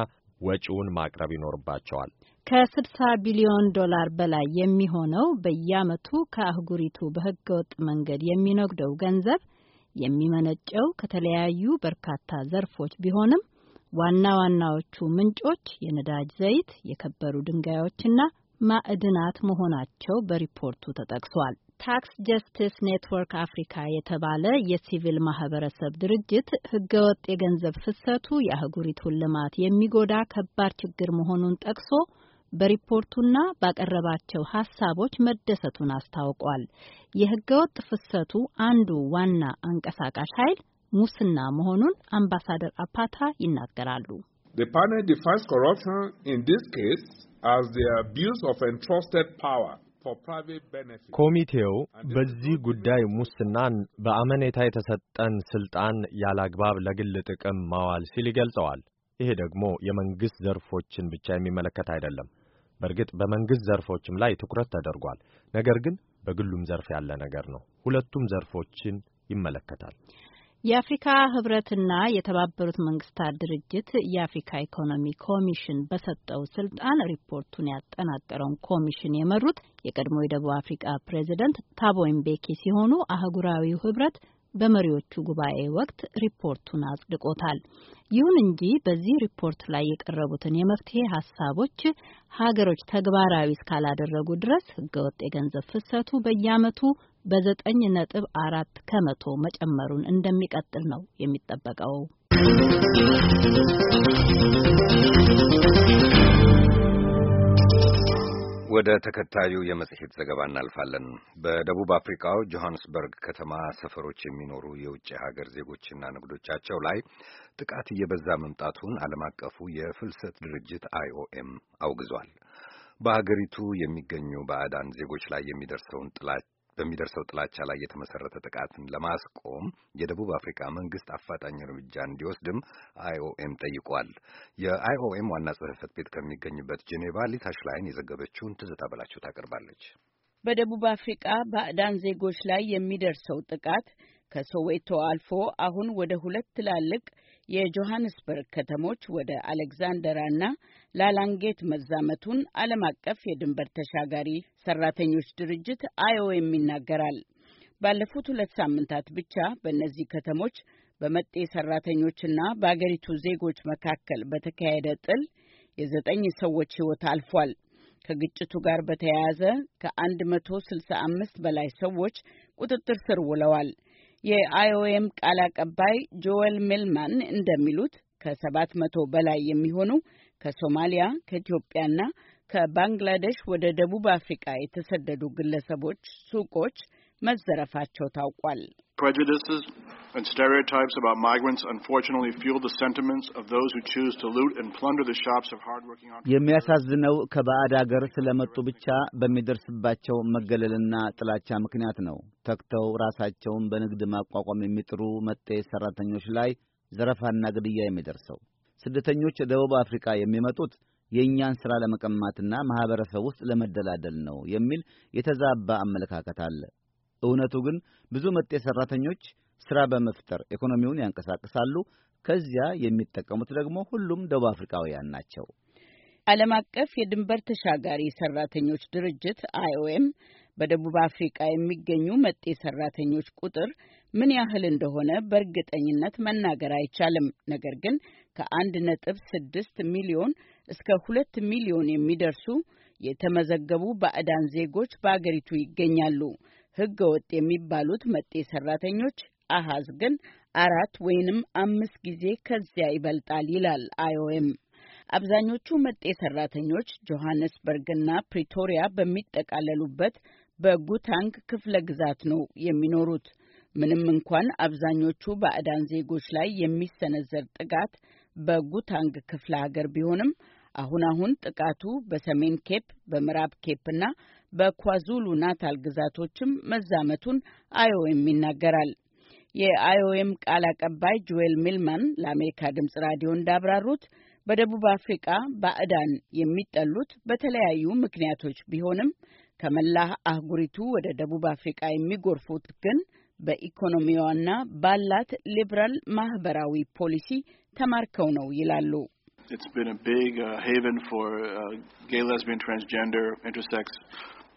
ወጪውን ማቅረብ ይኖርባቸዋል። ከ60 ቢሊዮን ዶላር በላይ የሚሆነው በየዓመቱ ከአህጉሪቱ በህገወጥ መንገድ የሚነግደው ገንዘብ የሚመነጨው ከተለያዩ በርካታ ዘርፎች ቢሆንም ዋና ዋናዎቹ ምንጮች የነዳጅ ዘይት፣ የከበሩ ድንጋዮችና ማዕድናት መሆናቸው በሪፖርቱ ተጠቅሷል። ታክስ ጀስቲስ ኔትወርክ አፍሪካ የተባለ የሲቪል ማህበረሰብ ድርጅት ህገወጥ የገንዘብ ፍሰቱ የአህጉሪቱን ልማት የሚጎዳ ከባድ ችግር መሆኑን ጠቅሶ በሪፖርቱና ባቀረባቸው ሀሳቦች መደሰቱን አስታውቋል። የህገወጥ ፍሰቱ አንዱ ዋና አንቀሳቃሽ ኃይል ሙስና መሆኑን አምባሳደር አፓታ ይናገራሉ። The panel defines corruption in this case as the abuse of entrusted power ኮሚቴው በዚህ ጉዳይ ሙስናን በአመኔታ የተሰጠን ስልጣን ያላግባብ ለግል ጥቅም ማዋል ሲል ይገልጸዋል። ይሄ ደግሞ የመንግስት ዘርፎችን ብቻ የሚመለከት አይደለም። በእርግጥ በመንግስት ዘርፎችም ላይ ትኩረት ተደርጓል። ነገር ግን በግሉም ዘርፍ ያለ ነገር ነው። ሁለቱም ዘርፎችን ይመለከታል። የአፍሪካ ህብረትና የተባበሩት መንግስታት ድርጅት የአፍሪካ ኢኮኖሚ ኮሚሽን በሰጠው ስልጣን ሪፖርቱን ያጠናቀረውን ኮሚሽን የመሩት የቀድሞ የደቡብ አፍሪካ ፕሬዚደንት ታቦ ምቤኪ ሲሆኑ አህጉራዊው ህብረት በመሪዎቹ ጉባኤ ወቅት ሪፖርቱን አጽድቆታል። ይሁን እንጂ በዚህ ሪፖርት ላይ የቀረቡትን የመፍትሄ ሀሳቦች ሀገሮች ተግባራዊ እስካላደረጉ ድረስ ህገወጥ የገንዘብ ፍሰቱ በየዓመቱ በዘጠኝ ነጥብ አራት ከመቶ መጨመሩን እንደሚቀጥል ነው የሚጠበቀው። ወደ ተከታዩ የመጽሔት ዘገባ እናልፋለን። በደቡብ አፍሪካው ጆሐንስበርግ ከተማ ሰፈሮች የሚኖሩ የውጭ ሀገር ዜጎችና ንግዶቻቸው ላይ ጥቃት እየበዛ መምጣቱን ዓለም አቀፉ የፍልሰት ድርጅት አይኦኤም አውግዟል። በሀገሪቱ የሚገኙ ባዕዳን ዜጎች ላይ የሚደርሰውን ጥላቻ በሚደርሰው ጥላቻ ላይ የተመሰረተ ጥቃትን ለማስቆም የደቡብ አፍሪካ መንግስት አፋጣኝ እርምጃ እንዲወስድም አይኦኤም ጠይቋል። የአይኦኤም ዋና ጽህፈት ቤት ከሚገኝበት ጄኔቫ ሊሳ ሽላይን የዘገበችውን ትዝታ በላቸው ታቀርባለች። በደቡብ አፍሪቃ ባዕዳን ዜጎች ላይ የሚደርሰው ጥቃት ከሶዌቶ አልፎ አሁን ወደ ሁለት ትላልቅ የጆሃንስበርግ ከተሞች ወደ አሌክዛንደራና ላላንጌት መዛመቱን ዓለም አቀፍ የድንበር ተሻጋሪ ሰራተኞች ድርጅት አይኦኤም ይናገራል። ባለፉት ሁለት ሳምንታት ብቻ በእነዚህ ከተሞች በመጤ ሰራተኞችና በአገሪቱ ዜጎች መካከል በተካሄደ ጥል የዘጠኝ ሰዎች ሕይወት አልፏል። ከግጭቱ ጋር በተያያዘ ከ165 በላይ ሰዎች ቁጥጥር ስር ውለዋል። የአይኦኤም ቃል አቀባይ ጆኤል ሜልማን እንደሚሉት ከሰባት መቶ በላይ የሚሆኑ ከሶማሊያ ከኢትዮጵያና ከባንግላዴሽ ወደ ደቡብ አፍሪካ የተሰደዱ ግለሰቦች ሱቆች መዘረፋቸው ታውቋል። የሚያሳዝነው ከባዕድ አገር ስለመጡ ብቻ በሚደርስባቸው መገለልና ጥላቻ ምክንያት ነው። ተግተው ራሳቸውን በንግድ ማቋቋም የሚጥሩ መጤ ሠራተኞች ላይ ዘረፋና ግድያ የሚደርሰው። ስደተኞች ደቡብ አፍሪካ የሚመጡት የእኛን ሥራ ለመቀማትና ማኅበረሰብ ውስጥ ለመደላደል ነው የሚል የተዛባ አመለካከት አለ። እውነቱ ግን ብዙ መጤ ሰራተኞች ስራ በመፍጠር ኢኮኖሚውን ያንቀሳቅሳሉ። ከዚያ የሚጠቀሙት ደግሞ ሁሉም ደቡብ አፍሪካውያን ናቸው። ዓለም አቀፍ የድንበር ተሻጋሪ ሰራተኞች ድርጅት አይኦኤም በደቡብ አፍሪካ የሚገኙ መጤ ሰራተኞች ቁጥር ምን ያህል እንደሆነ በእርግጠኝነት መናገር አይቻልም። ነገር ግን ከአንድ ነጥብ ስድስት ሚሊዮን እስከ ሁለት ሚሊዮን የሚደርሱ የተመዘገቡ ባዕዳን ዜጎች በአገሪቱ ይገኛሉ። ህገ ወጥ የሚባሉት መጤ ሰራተኞች አሃዝ ግን አራት ወይንም አምስት ጊዜ ከዚያ ይበልጣል ይላል አይኦኤም። አብዛኞቹ መጤ ሰራተኞች ጆሐንስበርግና ፕሪቶሪያ በሚጠቃለሉበት በጉታንግ ክፍለ ግዛት ነው የሚኖሩት። ምንም እንኳን አብዛኞቹ ባዕዳን ዜጎች ላይ የሚሰነዘር ጥቃት በጉታንግ ክፍለ ሀገር ቢሆንም አሁን አሁን ጥቃቱ በሰሜን ኬፕ፣ በምዕራብ ኬፕና በኳዙሉ ናታል ግዛቶችም መዛመቱን አይኦኤም ይናገራል። የአይኦኤም ቃል አቀባይ ጁዌል ሚልማን ለአሜሪካ ድምፅ ራዲዮ እንዳብራሩት በደቡብ አፍሪቃ ባዕዳን የሚጠሉት በተለያዩ ምክንያቶች ቢሆንም ከመላ አህጉሪቱ ወደ ደቡብ አፍሪቃ የሚጎርፉት ግን በኢኮኖሚዋና ባላት ሊብራል ማህበራዊ ፖሊሲ ተማርከው ነው ይላሉ። It's been a big uh, haven for uh, gay, lesbian, transgender, intersex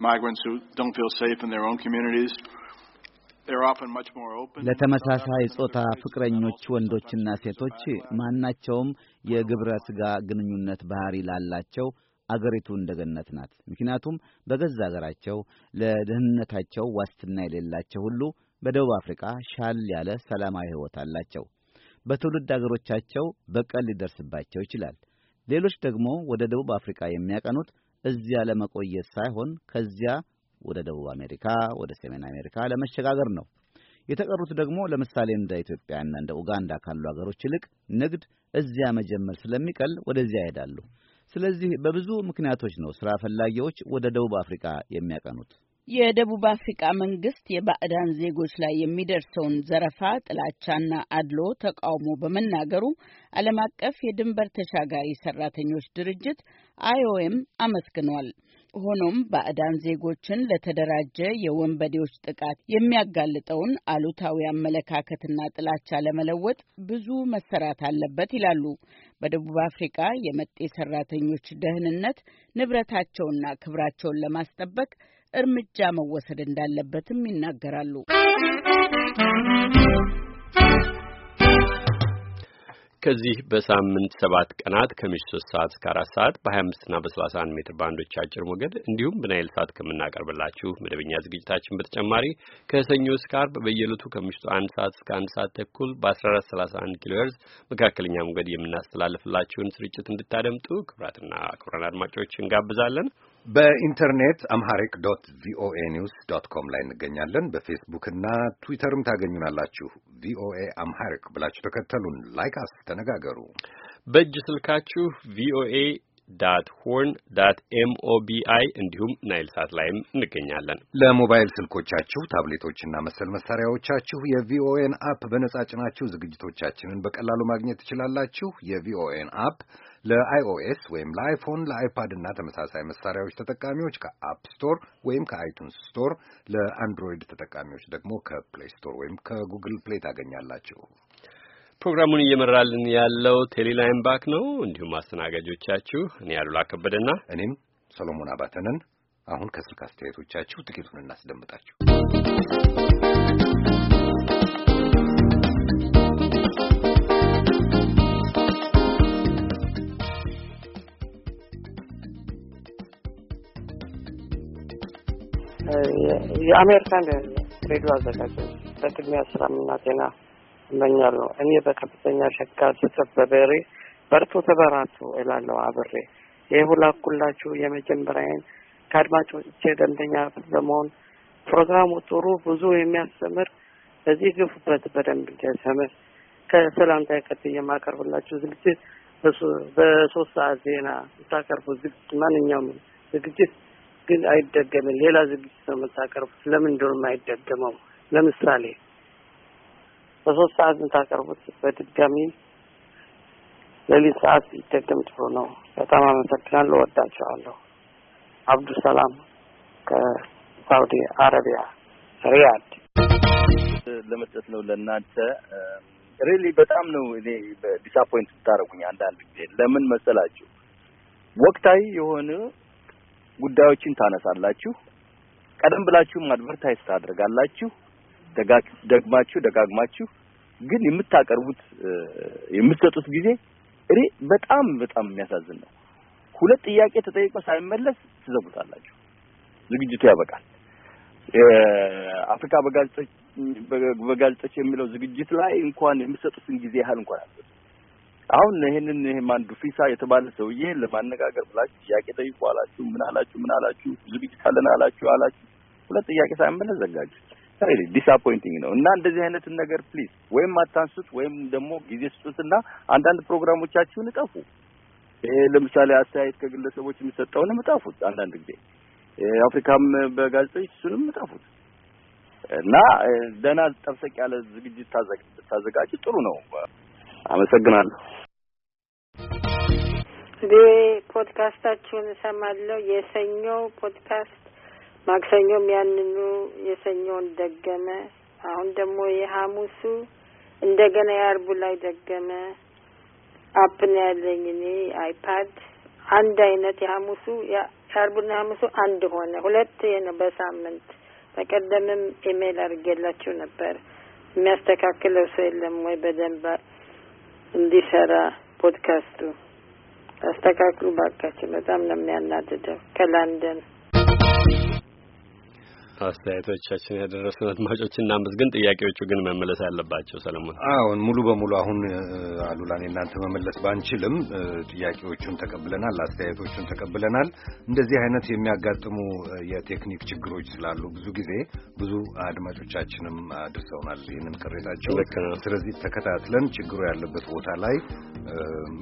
migrants who don't feel safe in their own communities. ለተመሳሳይ ጾታ ፍቅረኞች ወንዶችና ሴቶች ማናቸውም የግብረ ሥጋ ግንኙነት ባህሪ ላላቸው አገሪቱ እንደ ገነት ናት። ምክንያቱም በገዛ አገራቸው ለደህንነታቸው ዋስትና የሌላቸው ሁሉ በደቡብ አፍሪካ ሻል ያለ ሰላማዊ ሕይወት አላቸው። በትውልድ አገሮቻቸው በቀል ሊደርስባቸው ይችላል። ሌሎች ደግሞ ወደ ደቡብ አፍሪካ የሚያቀኑት እዚያ ለመቆየት ሳይሆን ከዚያ ወደ ደቡብ አሜሪካ፣ ወደ ሰሜን አሜሪካ ለመሸጋገር ነው። የተቀሩት ደግሞ ለምሳሌ እንደ ኢትዮጵያና እንደ ኡጋንዳ ካሉ ሀገሮች ይልቅ ንግድ እዚያ መጀመር ስለሚቀል ወደዚያ ይሄዳሉ። ስለዚህ በብዙ ምክንያቶች ነው ስራ ፈላጊዎች ወደ ደቡብ አፍሪካ የሚያቀኑት። የደቡብ አፍሪካ መንግስት የባዕዳን ዜጎች ላይ የሚደርሰውን ዘረፋ፣ ጥላቻና አድሎ ተቃውሞ በመናገሩ ዓለም አቀፍ የድንበር ተሻጋሪ ሰራተኞች ድርጅት አይኦኤም አመስግኗል። ሆኖም ባዕዳን ዜጎችን ለተደራጀ የወንበዴዎች ጥቃት የሚያጋልጠውን አሉታዊ አመለካከትና ጥላቻ ለመለወጥ ብዙ መሰራት አለበት ይላሉ በደቡብ አፍሪካ የመጤ ሰራተኞች ደህንነት፣ ንብረታቸውና ክብራቸውን ለማስጠበቅ እርምጃ መወሰድ እንዳለበትም ይናገራሉ። ከዚህ በሳምንት ሰባት ቀናት ከምሽቱ ሶስት ሰዓት እስከ አራት ሰዓት በ አምስት ና በሰላሳ አንድ ሜትር ባንዶች አጭር ሞገድ እንዲሁም በናይል ሰዓት ከምናቀርብላችሁ መደበኛ ዝግጅታችን በተጨማሪ ከሰኞ እስከ አርብ በየዕለቱ ከምሽቱ አንድ ሰዓት እስከ አንድ ሰዓት ተኩል በ አንድ ኪሎ ሄርዝ መካከለኛ ሞገድ የምናስተላልፍላችሁን ስርጭት እንድታደምጡ ክብራትና ክቡራን አድማጮች እንጋብዛለን። በኢንተርኔት አምሃሪክ ዶት ቪኦኤ ኒውስ ዶት ኮም ላይ እንገኛለን። በፌስቡክ እና ትዊተርም ታገኙናላችሁ። ቪኦኤ አምሃሪክ ብላችሁ ተከተሉን፣ ላይክ አስ፣ ተነጋገሩ። በእጅ ስልካችሁ ቪኦኤ ዳት ሆርን ዳት ኤምኦቢአይ እንዲሁም ናይል ሳት ላይም እንገኛለን። ለሞባይል ስልኮቻችሁ ታብሌቶችና መሰል መሳሪያዎቻችሁ የቪኦኤን አፕ በነጻ ጭናችሁ ዝግጅቶቻችንን በቀላሉ ማግኘት ትችላላችሁ። የቪኦኤን አፕ ለአይኦኤስ ወይም ለአይፎን ለአይፓድ እና ተመሳሳይ መሳሪያዎች ተጠቃሚዎች ከአፕ ስቶር ወይም ከአይቱንስ ስቶር፣ ለአንድሮይድ ተጠቃሚዎች ደግሞ ከፕሌይ ስቶር ወይም ከጉግል ፕሌይ ታገኛላችሁ። ፕሮግራሙን እየመራልን ያለው ቴሌላይን ባክ ነው። እንዲሁም አስተናጋጆቻችሁ እኔ አሉላ ከበደና እኔም ሰሎሞን አባተንን። አሁን ከስልክ አስተያየቶቻችሁ ጥቂቱን እናስደምጣችሁ። የአሜሪካን ሬዲዮ አዘጋጆች በቅድሚያ ስራ ምና ዜና እመኛለሁ። እኔ በከፍተኛ ሸጋ ስጽፍ በበሬ በርቱ ተበራቱ እላለሁ አብሬ የሁላኩላችሁ የመጀመሪያዬን ከአድማጮቼ ደንበኛ በመሆን ፕሮግራሙ ጥሩ፣ ብዙ የሚያስተምር በዚህ ግፉበት በደንብ እንዲያስተምር ከሰላምታ ቀጥዬ የማቀርብላችሁ ዝግጅት በሶስት ሰዓት ዜና የምታቀርቡት ዝግጅት ማንኛውም ዝግጅት ግን አይደገምም። ሌላ ዝግጅት ነው የምታቀርቡት። ለምን እንደሆነ አይደገመው። ለምሳሌ በሶስት ሰዓት የምታቀርቡት በድጋሚ ሌሊት ሰዓት ሲደገም ጥሩ ነው። በጣም አመሰግናለሁ። ወዳቸዋለሁ። አብዱ ሰላም ከሳውዲ አረቢያ ሪያድ ለመስጠት ነው ለእናንተ። ሪሊ በጣም ነው እኔ ዲስአፖይንት ስታደረጉኝ አንዳንድ ጊዜ ለምን መሰላችሁ? ወቅታዊ የሆነ ጉዳዮችን ታነሳላችሁ፣ ቀደም ብላችሁም አድቨርታይዝ ታደርጋላችሁ ደግማችሁ ደጋግማችሁ ግን የምታቀርቡት የምትሰጡት ጊዜ እኔ በጣም በጣም የሚያሳዝን ነው። ሁለት ጥያቄ ተጠይቆ ሳይመለስ ትዘጉታላችሁ። ዝግጅቱ ያበቃል። አፍሪካ በጋዜጦች በጋዜጦች የሚለው ዝግጅት ላይ እንኳን የምትሰጡትን ጊዜ ያህል እንኳን አለ። አሁን ይህንን ይሄም አንዱ ፊሳ የተባለ ሰውዬ ለማነጋገር ብላችሁ ጥያቄ ጠይቆ አላችሁ። ምን አላችሁ? ምን አላችሁ? ዝግጅት አለን አላችሁ አላችሁ። ሁለት ጥያቄ ሳይመለስ ዘጋችሁ። ዲስአፖይንቲንግ ነው እና እንደዚህ አይነትን ነገር ፕሊዝ ወይም አታንሱት ወይም ደግሞ ጊዜ ስጡትና አንዳንድ ፕሮግራሞቻችሁን እጠፉ። ለምሳሌ አስተያየት ከግለሰቦች የሚሰጠውን እጠፉት። አንዳንድ ጊዜ አፍሪካም በጋዜጦች እሱንም እጠፉት እና ደህና ጠብሰቅ ያለ ዝግጅት ታዘጋጅ ጥሩ ነው። አመሰግናለሁ። ቪኦኤ ፖድካስታችሁን እሰማለሁ። የሰኞው ፖድካስት ማክሰኞም ያንኑ የሰኞውን ደገመ። አሁን ደግሞ የሐሙሱ እንደገና የአርቡ ላይ ደገመ። አፕን ያለኝ እኔ አይፓድ አንድ አይነት የሐሙሱ የአርቡና የሐሙሱ አንድ ሆነ። ሁለት ነው በሳምንት በቀደምም ኢሜይል አድርጌላችሁ ነበር። የሚያስተካክለው ሰው የለም ወይ በደንብ እንዲሰራ ፖድካስቱ አስተካክሉ ባካችሁ። በጣም ነው የሚያናድደው ከላንደን አስተያየቶቻችን ያደረሱን አድማጮች እናመስግን። ጥያቄዎቹ ግን መመለስ አለባቸው። ሰለሞን አሁን ሙሉ በሙሉ አሁን አሉላኔ እናንተ መመለስ ባንችልም ጥያቄዎቹን ተቀብለናል፣ አስተያየቶቹን ተቀብለናል። እንደዚህ አይነት የሚያጋጥሙ የቴክኒክ ችግሮች ስላሉ ብዙ ጊዜ ብዙ አድማጮቻችንም አድርሰውናል ይህንን ቅሬታቸው። ስለዚህ ተከታትለን ችግሩ ያለበት ቦታ ላይ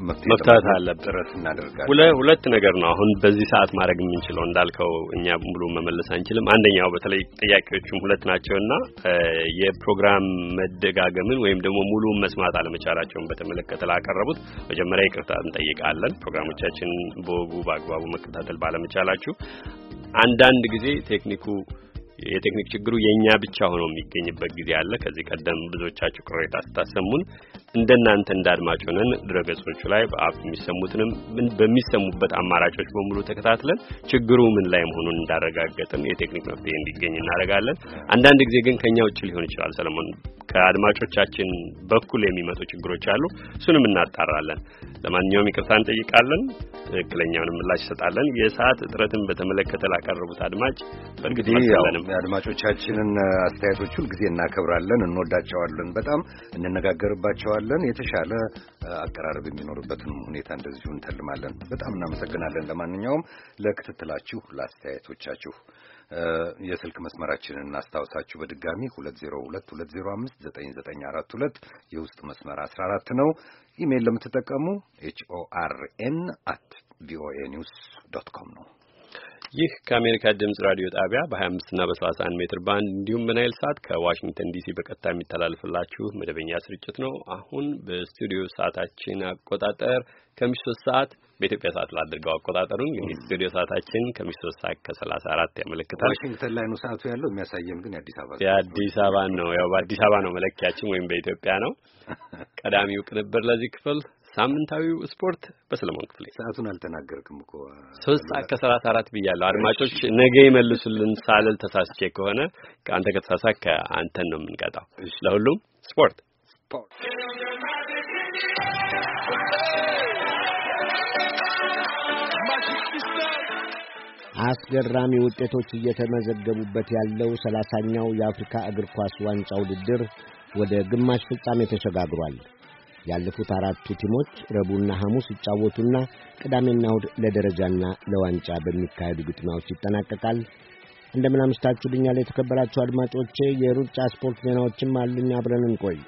መፍታት አለብን፣ ጥረት እናደርጋለን። ሁለት ነገር ነው አሁን በዚህ ሰዓት ማድረግ የምንችለው እንዳልከው፣ እኛ ሙሉ መመለስ አንችልም። አንደኛው በተለይ ጥያቄዎቹም ሁለት ናቸውና የፕሮግራም መደጋገምን ወይም ደግሞ ሙሉውን መስማት አለመቻላቸውን በተመለከተ ላቀረቡት መጀመሪያ ይቅርታ እንጠይቃለን። ፕሮግራሞቻችን በወጉ በአግባቡ መከታተል ባለመቻላችሁ አንዳንድ ጊዜ ቴክኒኩ የቴክኒክ ችግሩ የእኛ ብቻ ሆኖ የሚገኝበት ጊዜ አለ። ከዚህ ቀደም ብዙዎቻችሁ ቅሬታ ስታሰሙን እንደናንተ እንዳድማጭ ሆነን ድረገጾቹ ላይ በአፍ የሚሰሙትንም በሚሰሙበት አማራጮች በሙሉ ተከታትለን ችግሩ ምን ላይ መሆኑን እንዳረጋገጥን የቴክኒክ መፍትሄ እንዲገኝ እናደርጋለን። አንዳንድ ጊዜ ግን ከኛ ውጭ ሊሆን ይችላል። ሰለሞን፣ ከአድማጮቻችን በኩል የሚመጡ ችግሮች አሉ። እሱንም እናጣራለን። ለማንኛውም ይቅርታ እንጠይቃለን። ትክክለኛውን ምላሽ ይሰጣለን። የሰዓት እጥረትን በተመለከተ ላቀረቡት አድማጭ በእርግጥ የአድማጮቻችንን አስተያየቶች ሁልጊዜ እናከብራለን፣ እንወዳቸዋለን፣ በጣም እንነጋገርባቸዋለን። የተሻለ አቀራረብ የሚኖርበትን ሁኔታ እንደዚሁ እንተልማለን። በጣም እናመሰግናለን። ለማንኛውም ለክትትላችሁ፣ ለአስተያየቶቻችሁ የስልክ መስመራችንን እናስታውሳችሁ በድጋሚ 2022059942 የውስጥ መስመር 14 ነው። ኢሜይል ለምትጠቀሙ ኤች ኦ አር ኤን አት ቪኦኤ ኒውስ ዶት ኮም ነው። ይህ ከአሜሪካ ድምጽ ራዲዮ ጣቢያ በ25 እና በ31 ሜትር ባንድ እንዲሁም በናይል ሳት ከዋሽንግተን ዲሲ በቀጥታ የሚተላልፍላችሁ መደበኛ ስርጭት ነው። አሁን በስቱዲዮ ሰዓታችን አቆጣጠር ከምሽቱ ሶስት ሰዓት በኢትዮጵያ ሰዓት ላድርገው አቆጣጠሩን። እንግዲህ ስቱዲዮ ሰዓታችን ከምሽቱ ሶስት ሰዓት ከሰላሳ አራት ያመለክታል። ዋሽንግተን ላይ ነው ሰዓቱ ያለው። የሚያሳየን ግን የአዲስ አበባ የአዲስ አበባ ነው። ያው በአዲስ አበባ ነው መለኪያችን ወይም በኢትዮጵያ ነው። ቀዳሚው ቅንብር ለዚህ ክፍል ሳምንታዊው ስፖርት በሰለሞን ክፍሌ። ሰዓቱን አልተናገርክም እኮ ሶስት ሰዓት ከሰላሳ አራት ብያለሁ። አድማጮች ነገ ይመልሱልን ሳልል ተሳስቼ ከሆነ ከአንተ ከተሳሳ ከአንተን ነው የምንቀጣው። ለሁሉም ስፖርት ስፖርት አስገራሚ ውጤቶች እየተመዘገቡበት ያለው ሰላሳኛው የአፍሪካ እግር ኳስ ዋንጫ ውድድር ወደ ግማሽ ፍጻሜ ተሸጋግሯል። ያለፉት አራቱ ቲሞች ረቡዕና ሐሙስ ይጫወቱና ቅዳሜና እሁድ ለደረጃና ለዋንጫ በሚካሄዱ ግጥሚያዎች ይጠናቀቃል። እንደምን አምስታችሁ ልኛል የተከበራችሁ አድማጮቼ። የሩጫ ስፖርት ዜናዎችም አሉኝ። አብረን እንቆይ።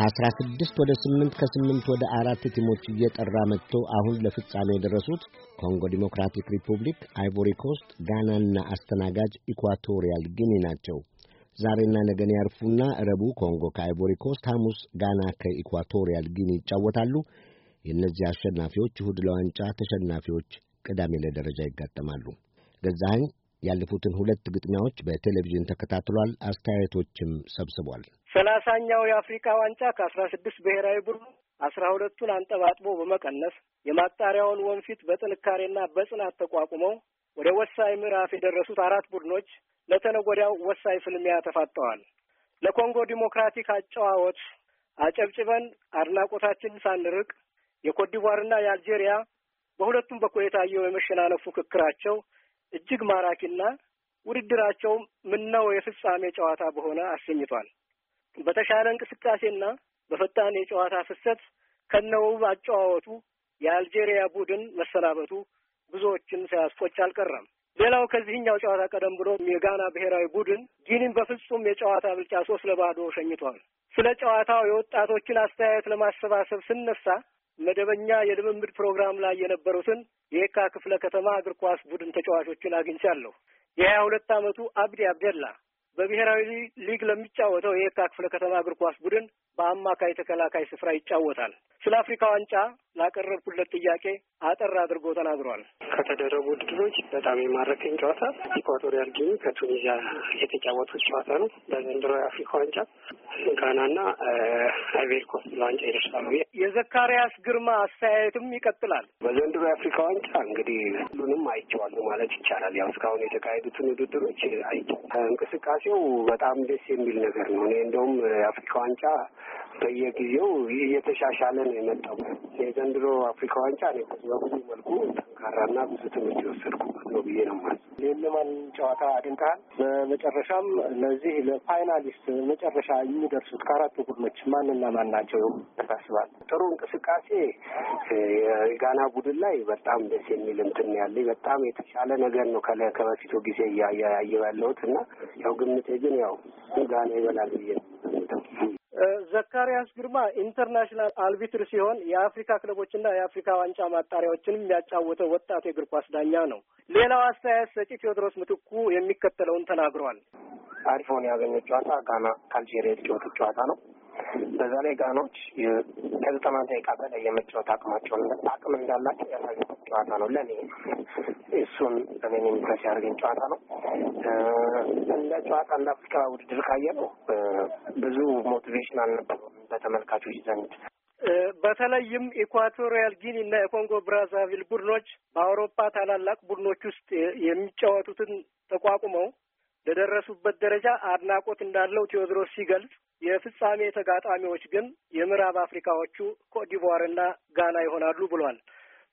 ከአስራ ስድስት ወደ ስምንት ከስምንት ወደ አራት ቲሞች እየጠራ መጥቶ አሁን ለፍጻሜ የደረሱት ኮንጎ ዲሞክራቲክ ሪፑብሊክ፣ አይቮሪ ኮስት፣ ጋናና አስተናጋጅ ኢኳቶሪያል ጊኒ ናቸው። ዛሬና ነገን ያርፉና ረቡ ኮንጎ ከአይቮሪ ኮስት፣ ሐሙስ ጋና ከኢኳቶሪያል ጊኒ ይጫወታሉ። የእነዚህ አሸናፊዎች እሁድ ለዋንጫ ተሸናፊዎች ቅዳሜ ለደረጃ ይጋጠማሉ። ገዛኸኝ ያለፉትን ሁለት ግጥሚያዎች በቴሌቪዥን ተከታትሏል፣ አስተያየቶችም ሰብስቧል። ሰላሳኛው የአፍሪካ ዋንጫ ከአስራ ስድስት ብሔራዊ ቡድኑ አስራ ሁለቱን አንጠባጥቦ በመቀነስ የማጣሪያውን ወንፊት በጥንካሬና በጽናት ተቋቁመው ወደ ወሳኝ ምዕራፍ የደረሱት አራት ቡድኖች ለተነጎዳው ወሳኝ ፍልሚያ ተፋጠዋል። ለኮንጎ ዲሞክራቲክ አጨዋወት አጨብጭበን አድናቆታችን ሳንርቅ የኮትዲቯርና የአልጄሪያ በሁለቱም በኩል የታየው የመሸናነፍ ፉክክራቸው እጅግ ማራኪና ውድድራቸውም ምነው የፍጻሜ ጨዋታ በሆነ አሰኝቷል። በተሻለ እንቅስቃሴና በፈጣን የጨዋታ ፍሰት ከነውብ አጨዋወቱ የአልጄሪያ ቡድን መሰናበቱ ብዙዎችን ሳያስቆጭ አልቀረም። ሌላው ከዚህኛው ጨዋታ ቀደም ብሎ የጋና ብሔራዊ ቡድን ጊኒን በፍጹም የጨዋታ ብልጫ ሶስት ለባዶ ሸኝቷል። ስለ ጨዋታው የወጣቶችን አስተያየት ለማሰባሰብ ስነሳ መደበኛ የልምምድ ፕሮግራም ላይ የነበሩትን የየካ ክፍለ ከተማ እግር ኳስ ቡድን ተጫዋቾችን አግኝቻለሁ። የሀያ ሁለት ዓመቱ አብዲ አብደላ በብሔራዊ ሊግ ለሚጫወተው የየካ ክፍለ ከተማ እግር ኳስ ቡድን በአማካይ ተከላካይ ስፍራ ይጫወታል። ስለ አፍሪካ ዋንጫ ላቀረብኩለት ጥያቄ አጠር አድርጎ ተናግሯል። ከተደረጉ ውድድሮች በጣም የማረከኝ ጨዋታ ኢኳቶሪያል ጊኒ ከቱኒዚያ የተጫወቱት ጨዋታ ነው። በዘንድሮ የአፍሪካ ዋንጫ ጋናና አይቬሪ ኮስት ለዋንጫ ይደርሳሉ። የዘካሪያስ ግርማ አስተያየትም ይቀጥላል። በዘንድሮ የአፍሪካ ዋንጫ እንግዲህ ሁሉንም አይቼዋለሁ ማለት ይቻላል። ያው እስካሁን የተካሄዱትን ውድድሮች አይቼ እንቅስቃሴ እንቅስቃሴው በጣም ደስ የሚል ነገር ነው። እኔ እንደውም አፍሪካ ዋንጫ በየጊዜው እየተሻሻለ ነው የመጣው። የዘንድሮ አፍሪካ ዋንጫ ነው በብዙ መልኩ ጠንካራና ብዙ ትምህርት የወሰድኩበት ነው ብዬ ነው ማለት። የልማን ጨዋታ አድንቀሃል። በመጨረሻም ለዚህ ለፋይናሊስት መጨረሻ የሚደርሱት ከአራቱ ቡድኖች ማንና ማን ናቸው ታስባል? ጥሩ እንቅስቃሴ የጋና ቡድን ላይ በጣም ደስ የሚል እንትን ያለኝ በጣም የተሻለ ነገር ነው ከበፊቱ ጊዜ እያየሁ ያለሁት እና ያው ግን ማለቴ ግን ያው ጋና ይበላል ብዬ ዘካሪያስ ግርማ ኢንተርናሽናል አልቢትር ሲሆን የአፍሪካ ክለቦችና የአፍሪካ ዋንጫ ማጣሪያዎችንም የሚያጫወተው ወጣት የእግር ኳስ ዳኛ ነው። ሌላው አስተያየት ሰጪ ቴዎድሮስ ምትኩ የሚከተለውን ተናግሯል። አሪፍ ሆነ ያገኘው ጨዋታ ጋና ከአልጄሪያ የተጫወቱት ጨዋታ ነው። በዛ ላይ ጋኖች ከዘጠና ደቂቃ በላይ የመጫወት አቅማቸውን አቅም እንዳላቸው ያሳዩበት ጨዋታ ነው። ለእኔ እሱን እኔን የሚከስ ያደርገኝ ጨዋታ ነው። እንደ ጨዋታ እንደ አፍሪካ ውድድር ካየ ነው ብዙ ሞቲቬሽን አልነበረም በተመልካቾች ዘንድ። በተለይም ኢኳቶሪያል ጊኒ እና የኮንጎ ብራዛቪል ቡድኖች በአውሮፓ ታላላቅ ቡድኖች ውስጥ የሚጫወቱትን ተቋቁመው ለደረሱበት ደረጃ አድናቆት እንዳለው ቴዎድሮስ ሲገልጽ፣ የፍጻሜ ተጋጣሚዎች ግን የምዕራብ አፍሪካዎቹ ኮትዲቯር እና ጋና ይሆናሉ ብሏል።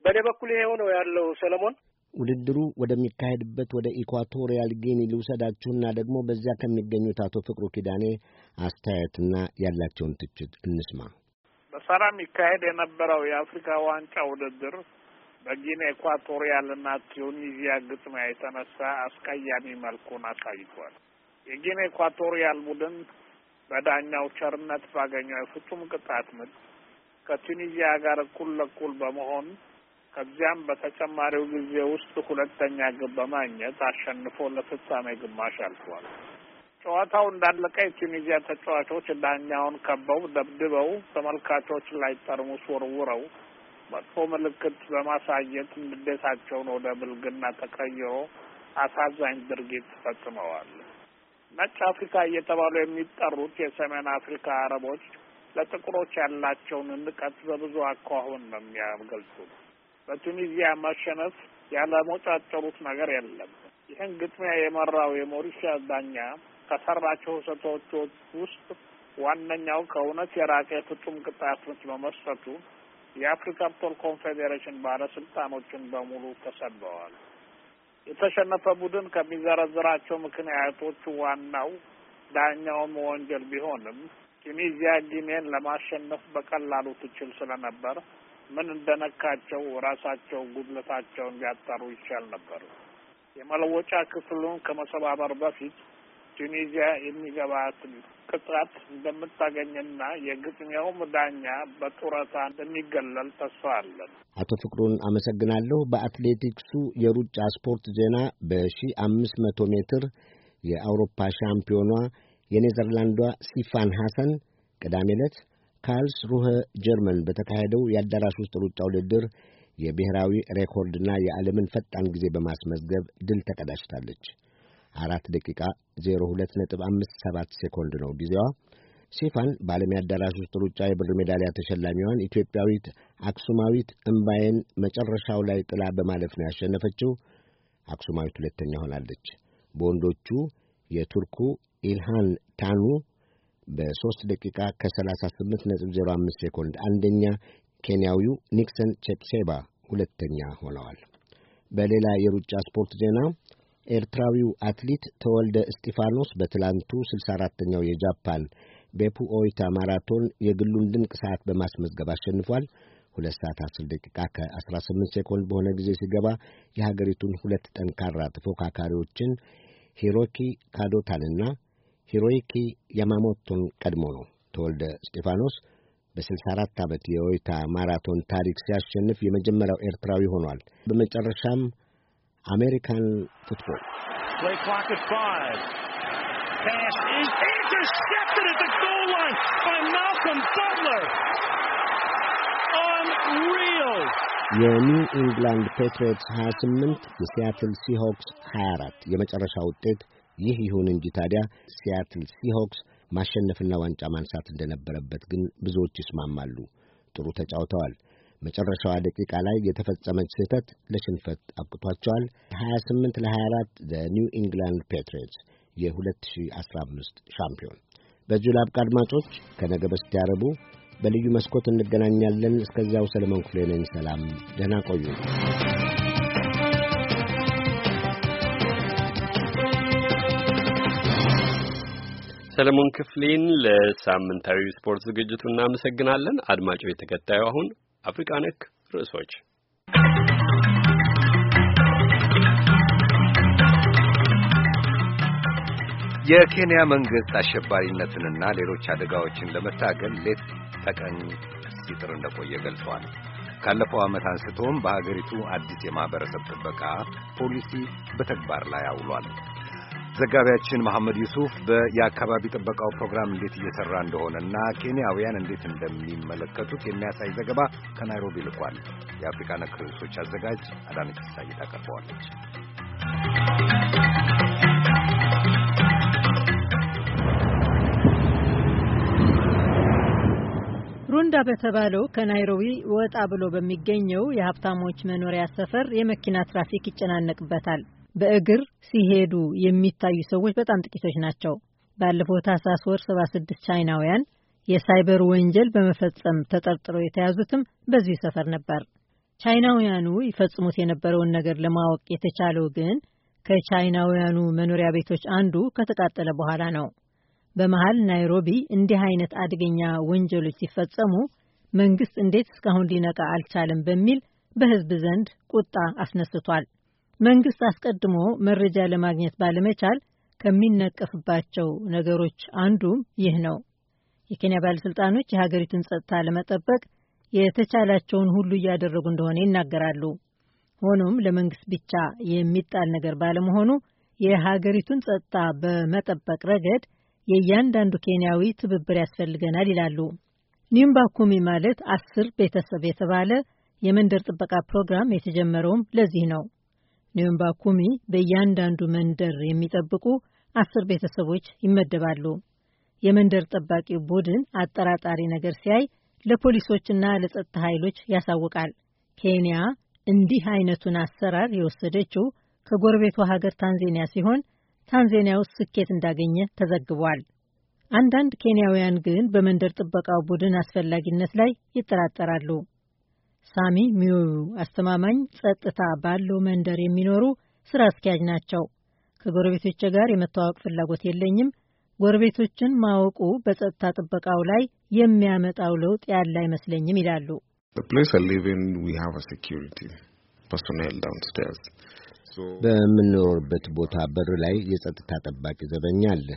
በእኔ በኩል ይሄው ነው ያለው ሰለሞን። ውድድሩ ወደሚካሄድበት ወደ ኢኳቶሪያል ጊኒ ልውሰዳችሁና ደግሞ በዚያ ከሚገኙት አቶ ፍቅሩ ኪዳኔ አስተያየትና ያላቸውን ትችት እንስማ። በሰራ የሚካሄድ የነበረው የአፍሪካ ዋንጫ ውድድር በጊኒ ኢኳቶሪያልና ቱኒዚያ ግጥሚያ የተነሳ አስቀያሚ መልኩን አሳይቷል። የጊኒ ኢኳቶሪያል ቡድን በዳኛው ቸርነት ባገኘው የፍጹም ቅጣት ምት ከቱኒዚያ ጋር እኩል ለኩል በመሆን ከዚያም በተጨማሪው ጊዜ ውስጥ ሁለተኛ ግብ በማግኘት አሸንፎ ለፍጻሜ ግማሽ አልፏል። ጨዋታው እንዳለቀ የቱኒዚያ ተጫዋቾች ዳኛውን ከበው ደብድበው ተመልካቾች ላይ ጠርሙስ ወርውረው መጥፎ ምልክት በማሳየት ንዴታቸውን ወደ ብልግና ተቀይሮ አሳዛኝ ድርጊት ፈጽመዋል። ነጭ አፍሪካ እየተባሉ የሚጠሩት የሰሜን አፍሪካ አረቦች ለጥቁሮች ያላቸውን ንቀት በብዙ አኳሁን ነው የሚያገልጹት። በቱኒዚያ መሸነፍ ያለመጣጠሩት ነገር የለም። ይህን ግጥሚያ የመራው የሞሪሻ ዳኛ ከሰራቸው ስህተቶች ውስጥ ዋነኛው ከእውነት የራቀ ፍጹም ቅጣት ምት በመስጠቱ የአፍሪካ ፉትቦል ኮንፌዴሬሽን ባለስልጣኖችን በሙሉ ተሰበዋል። የተሸነፈ ቡድን ከሚዘረዝራቸው ምክንያቶቹ ዋናው ዳኛውም ወንጀል ቢሆንም ቱኒዚያ ጊኔን ለማሸነፍ በቀላሉ ትችል ስለነበር ምን እንደነካቸው ራሳቸው ጉድለታቸውን ቢያጣሩ ይቻል ነበር። የመለወጫ ክፍሉን ከመሰባበር በፊት ቱኒዚያ የሚገባት ቅጣት እንደምታገኝና የግጥሚያውም ዳኛ በጡረታ እንደሚገለል ተስፋ አለን። አቶ ፍቅሩን አመሰግናለሁ። በአትሌቲክሱ የሩጫ ስፖርት ዜና በሺ አምስት መቶ ሜትር የአውሮፓ ሻምፒዮኗ የኔዘርላንዷ ሲፋን ሐሰን ቅዳሜ ዕለት ሩኸ ጀርመን በተካሄደው የአዳራሽ ውስጥ ሩጫ ውድድር የብሔራዊ ሬኮርድና የዓለምን ፈጣን ጊዜ በማስመዝገብ ድል ተቀዳጅታለች። አራት ደቂቃ 02.57 ሴኮንድ ነው ጊዜዋ። ሲፋን በዓለም የአዳራሽ ውስጥ ሩጫ የብር ሜዳሊያ ተሸላሚዋን ኢትዮጵያዊት አክሱማዊት እምባዬን መጨረሻው ላይ ጥላ በማለፍ ነው ያሸነፈችው። አክሱማዊት ሁለተኛ ሆናለች። በወንዶቹ የቱርኩ ኢልሃን ታኑ በ3 ደቂቃ ከ38.05 ሴኮንድ አንደኛ፣ ኬንያዊው ኒክሰን ቼፕሴባ ሁለተኛ ሆነዋል። በሌላ የሩጫ ስፖርት ዜና ኤርትራዊው አትሌት ተወልደ እስጢፋኖስ በትላንቱ 64ተኛው የጃፓን ቤፑ ኦይታ ማራቶን የግሉን ድንቅ ሰዓት በማስመዝገብ አሸንፏል። ሁለት ሰዓት 10 ደቂቃ ከ18 ሴኮንድ በሆነ ጊዜ ሲገባ የሀገሪቱን ሁለት ጠንካራ ተፎካካሪዎችን ሂሮኪ ካዶታንና ሂሮይኪ ያማሞቶን ቀድሞ ነው። ተወልደ እስጢፋኖስ በ64 ዓመት የወይታ ማራቶን ታሪክ ሲያሸንፍ የመጀመሪያው ኤርትራዊ ሆኗል። በመጨረሻም አሜሪካን ፉትቦል የኒው ኢንግላንድ ፔትሪዮትስ 28 የሲያትል ሲሆክስ 24 የመጨረሻ ውጤት ይህ ይሁን እንጂ ታዲያ ሲያትል ሲሆክስ ማሸነፍና ዋንጫ ማንሳት እንደነበረበት ግን ብዙዎች ይስማማሉ። ጥሩ ተጫውተዋል። መጨረሻዋ ደቂቃ ላይ የተፈጸመች ስህተት ለሽንፈት አብቅቷቸዋል። 28 ለ24 ኒው ኢንግላንድ ፔትሪዮትስ የ2015 ሻምፒዮን። በዚሁ ላብቃ አድማጮች። ከነገ በስቲያ ረቡዕ በልዩ መስኮት እንገናኛለን። እስከዚያው ሰለሞን ክፍሌ ነኝ። ሰላም፣ ደህና ቆዩ። ሰለሞን ክፍሌን ለሳምንታዊ ስፖርት ዝግጅቱ እናመሰግናለን። አድማጮች፣ ተከታዩ አሁን አፍሪካ ነክ ርዕሶች የኬንያ መንግስት አሸባሪነትንና ሌሎች አደጋዎችን ለመታገል ሌት ተቀን ሲጥር እንደቆየ ገልጸዋል። ካለፈው ዓመት አንስቶም በሀገሪቱ አዲስ የማህበረሰብ ጥበቃ ፖሊሲ በተግባር ላይ አውሏል። ዘጋቢያችን መሐመድ ዩሱፍ የአካባቢ ጥበቃው ፕሮግራም እንዴት እየሰራ እንደሆነ እና ኬንያውያን እንዴት እንደሚመለከቱት የሚያሳይ ዘገባ ከናይሮቢ ልኳል። የአፍሪካ ነክ ርዕሶች አዘጋጅ አዳነች ሳይት አቀርበዋለች። ሩንዳ በተባለው ከናይሮቢ ወጣ ብሎ በሚገኘው የሀብታሞች መኖሪያ ሰፈር የመኪና ትራፊክ ይጨናነቅበታል። በእግር ሲሄዱ የሚታዩ ሰዎች በጣም ጥቂቶች ናቸው። ባለፈው ታህሳስ ወር 76 ቻይናውያን የሳይበር ወንጀል በመፈጸም ተጠርጥረው የተያዙትም በዚሁ ሰፈር ነበር። ቻይናውያኑ ይፈጽሙት የነበረውን ነገር ለማወቅ የተቻለው ግን ከቻይናውያኑ መኖሪያ ቤቶች አንዱ ከተቃጠለ በኋላ ነው። በመሀል ናይሮቢ እንዲህ አይነት አደገኛ ወንጀሎች ሲፈጸሙ መንግስት እንዴት እስካሁን ሊነቃ አልቻለም በሚል በህዝብ ዘንድ ቁጣ አስነስቷል። መንግስት አስቀድሞ መረጃ ለማግኘት ባለመቻል ከሚነቀፍባቸው ነገሮች አንዱም ይህ ነው። የኬንያ ባለሥልጣኖች የሀገሪቱን ጸጥታ ለመጠበቅ የተቻላቸውን ሁሉ እያደረጉ እንደሆነ ይናገራሉ። ሆኖም ለመንግስት ብቻ የሚጣል ነገር ባለመሆኑ የሀገሪቱን ጸጥታ በመጠበቅ ረገድ የእያንዳንዱ ኬንያዊ ትብብር ያስፈልገናል ይላሉ። ኒምባኩሚ ማለት አስር ቤተሰብ የተባለ የመንደር ጥበቃ ፕሮግራም የተጀመረውም ለዚህ ነው። ኒዮምባ ኩሚ በእያንዳንዱ መንደር የሚጠብቁ አስር ቤተሰቦች ይመደባሉ። የመንደር ጠባቂ ቡድን አጠራጣሪ ነገር ሲያይ ለፖሊሶችና ለጸጥታ ኃይሎች ያሳውቃል። ኬንያ እንዲህ አይነቱን አሰራር የወሰደችው ከጎረቤቷ ሀገር ታንዜኒያ ሲሆን ታንዜኒያ ውስጥ ስኬት እንዳገኘ ተዘግቧል። አንዳንድ ኬንያውያን ግን በመንደር ጥበቃው ቡድን አስፈላጊነት ላይ ይጠራጠራሉ። ሳሚ ሚዩ አስተማማኝ ጸጥታ ባለው መንደር የሚኖሩ ስራ አስኪያጅ ናቸው። ከጎረቤቶቼ ጋር የመተዋወቅ ፍላጎት የለኝም። ጎረቤቶችን ማወቁ በጸጥታ ጥበቃው ላይ የሚያመጣው ለውጥ ያለ አይመስለኝም ይላሉ። በምንኖርበት ቦታ በር ላይ የጸጥታ ጠባቂ ዘበኛ አለ።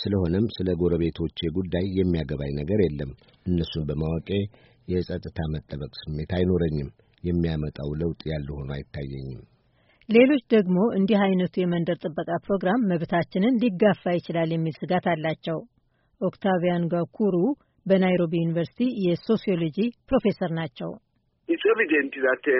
ስለሆነም ስለ ጎረቤቶቼ ጉዳይ የሚያገባኝ ነገር የለም። እነሱን በማወቄ የጸጥታ መጠበቅ ስሜት አይኖረኝም። የሚያመጣው ለውጥ ያለ ሆኖ አይታየኝም። ሌሎች ደግሞ እንዲህ አይነቱ የመንደር ጥበቃ ፕሮግራም መብታችንን ሊጋፋ ይችላል የሚል ስጋት አላቸው። ኦክታቪያን ጋኩሩ በናይሮቢ ዩኒቨርሲቲ የሶሲዮሎጂ ፕሮፌሰር ናቸው። it's evident that uh,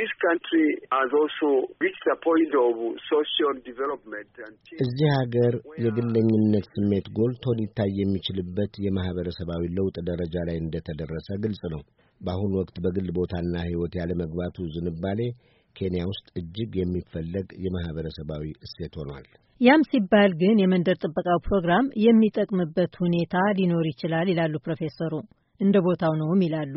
this country has also reached a point of social development and እዚህ ሀገር የግለኝነት ስሜት ጎልቶ ሊታይ የሚችልበት የማህበረሰባዊ ለውጥ ደረጃ ላይ እንደተደረሰ ግልጽ ነው። በአሁኑ ወቅት በግል ቦታና ሕይወት ያለመግባቱ ዝንባሌ ኬንያ ውስጥ እጅግ የሚፈለግ የማህበረሰባዊ እሴት ሆኗል። ያም ሲባል ግን የመንደር ጥበቃው ፕሮግራም የሚጠቅምበት ሁኔታ ሊኖር ይችላል ይላሉ ፕሮፌሰሩ። እንደ ቦታው ነውም ይላሉ።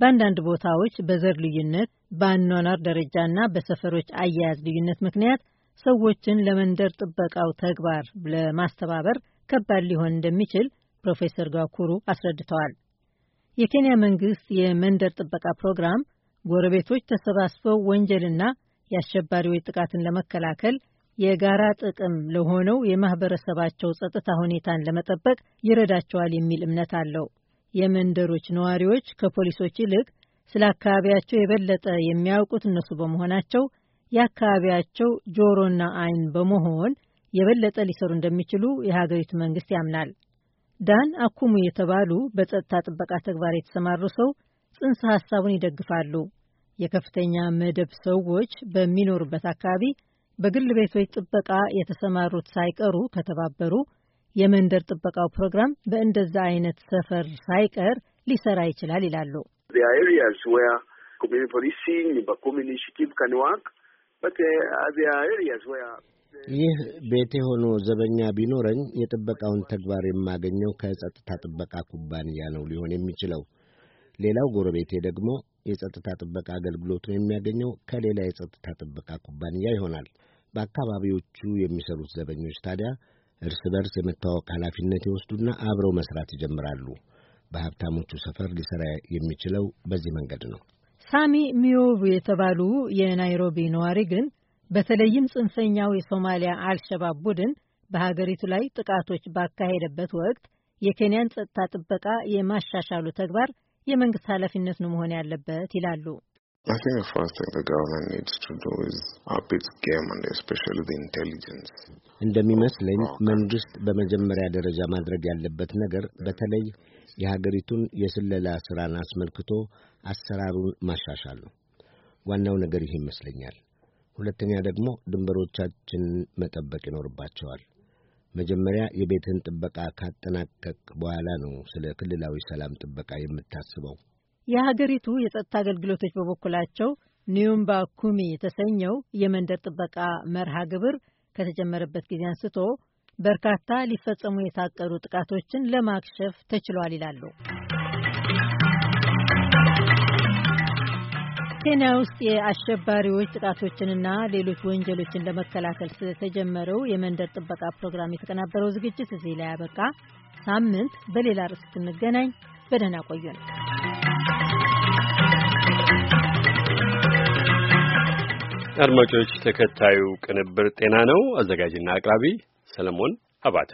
በአንዳንድ ቦታዎች በዘር ልዩነት፣ በአኗኗር ደረጃና በሰፈሮች አያያዝ ልዩነት ምክንያት ሰዎችን ለመንደር ጥበቃው ተግባር ለማስተባበር ከባድ ሊሆን እንደሚችል ፕሮፌሰር ጋኩሩ አስረድተዋል። የኬንያ መንግስት የመንደር ጥበቃ ፕሮግራም ጎረቤቶች ተሰባስበው ወንጀልና የአሸባሪዎች ጥቃትን ለመከላከል የጋራ ጥቅም ለሆነው የማህበረሰባቸው ጸጥታ ሁኔታን ለመጠበቅ ይረዳቸዋል የሚል እምነት አለው። የመንደሮች ነዋሪዎች ከፖሊሶች ይልቅ ስለ አካባቢያቸው የበለጠ የሚያውቁት እነሱ በመሆናቸው የአካባቢያቸው ጆሮና አይን በመሆን የበለጠ ሊሰሩ እንደሚችሉ የሀገሪቱ መንግስት ያምናል። ዳን አኩሙ የተባሉ በጸጥታ ጥበቃ ተግባር የተሰማሩ ሰው ጽንሰ ሀሳቡን ይደግፋሉ። የከፍተኛ መደብ ሰዎች በሚኖሩበት አካባቢ በግል ቤቶች ጥበቃ የተሰማሩት ሳይቀሩ ከተባበሩ የመንደር ጥበቃው ፕሮግራም በእንደዛ አይነት ሰፈር ሳይቀር ሊሰራ ይችላል ይላሉ። uh, ይህ ቤቴ ሆኖ ዘበኛ ቢኖረኝ የጥበቃውን ተግባር የማገኘው ከጸጥታ ጥበቃ ኩባንያ ነው ሊሆን የሚችለው። ሌላው ጎረቤቴ ደግሞ የጸጥታ ጥበቃ አገልግሎቱን የሚያገኘው ከሌላ የጸጥታ ጥበቃ ኩባንያ ይሆናል። በአካባቢዎቹ የሚሰሩት ዘበኞች ታዲያ እርስ በርስ የመታወቅ ኃላፊነት ይወስዱና አብረው መስራት ይጀምራሉ። በሀብታሞቹ ሰፈር ሊሰራ የሚችለው በዚህ መንገድ ነው። ሳሚ ሚዮቡ የተባሉ የናይሮቢ ነዋሪ ግን በተለይም ጽንፈኛው የሶማሊያ አልሸባብ ቡድን በሀገሪቱ ላይ ጥቃቶች ባካሄደበት ወቅት የኬንያን ጸጥታ ጥበቃ የማሻሻሉ ተግባር የመንግስት ኃላፊነት ነው መሆን ያለበት ይላሉ። I think the first thing the government needs to do is up its game and especially the intelligence. እንደሚመስለኝ oh, መንግስት በመጀመሪያ ደረጃ ማድረግ ያለበት ነገር በተለይ የሀገሪቱን የስለላ ስራን አስመልክቶ አሰራሩን ማሻሻል ነው። ዋናው ነገር ይህ ይመስለኛል። ሁለተኛ ደግሞ ድንበሮቻችንን መጠበቅ ይኖርባቸዋል። መጀመሪያ የቤትህን ጥበቃ ካጠናቀቅ በኋላ ነው ስለ ክልላዊ ሰላም ጥበቃ የምታስበው። የሀገሪቱ የጸጥታ አገልግሎቶች በበኩላቸው ኒዩምባ ኩሚ የተሰኘው የመንደር ጥበቃ መርሃ ግብር ከተጀመረበት ጊዜ አንስቶ በርካታ ሊፈጸሙ የታቀዱ ጥቃቶችን ለማክሸፍ ተችሏል ይላሉ። ኬንያ ውስጥ የአሸባሪዎች ጥቃቶችንና ሌሎች ወንጀሎችን ለመከላከል ስለተጀመረው የመንደር ጥበቃ ፕሮግራም የተቀናበረው ዝግጅት እዚህ ላይ ያበቃ። ሳምንት በሌላ ርዕስ እንገናኝ። በደህና ነው። አድማጮች፣ ተከታዩ ቅንብር ጤና ነው። አዘጋጅና አቅራቢ ሰለሞን አባተ።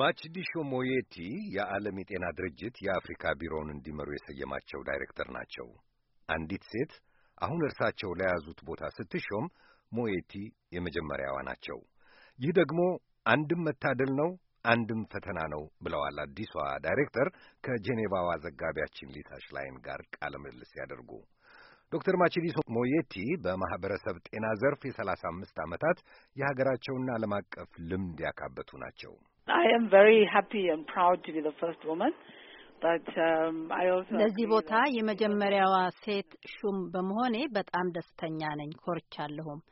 ማችዲሾ ሞዬቲ የዓለም የጤና ድርጅት የአፍሪካ ቢሮውን እንዲመሩ የሰየማቸው ዳይሬክተር ናቸው። አንዲት ሴት አሁን እርሳቸው ለያዙት ቦታ ስትሾም ሞዬቲ የመጀመሪያዋ ናቸው። ይህ ደግሞ አንድም መታደል ነው፣ አንድም ፈተና ነው ብለዋል አዲሷ ዳይሬክተር ከጄኔቫዋ ዘጋቢያችን ሊሳ ሽላይን ጋር ቃለ ምልልስ ያደርጉ። ዶክተር ማቺሊሶ ሞየቲ በማህበረሰብ ጤና ዘርፍ የሰላሳ አምስት ዓመታት የሀገራቸውና ዓለም አቀፍ ልምድ ያካበቱ ናቸው። um, ለዚህ ቦታ የመጀመሪያዋ ሴት ሹም በመሆኔ በጣም ደስተኛ ነኝ፣ ኮርቻለሁም።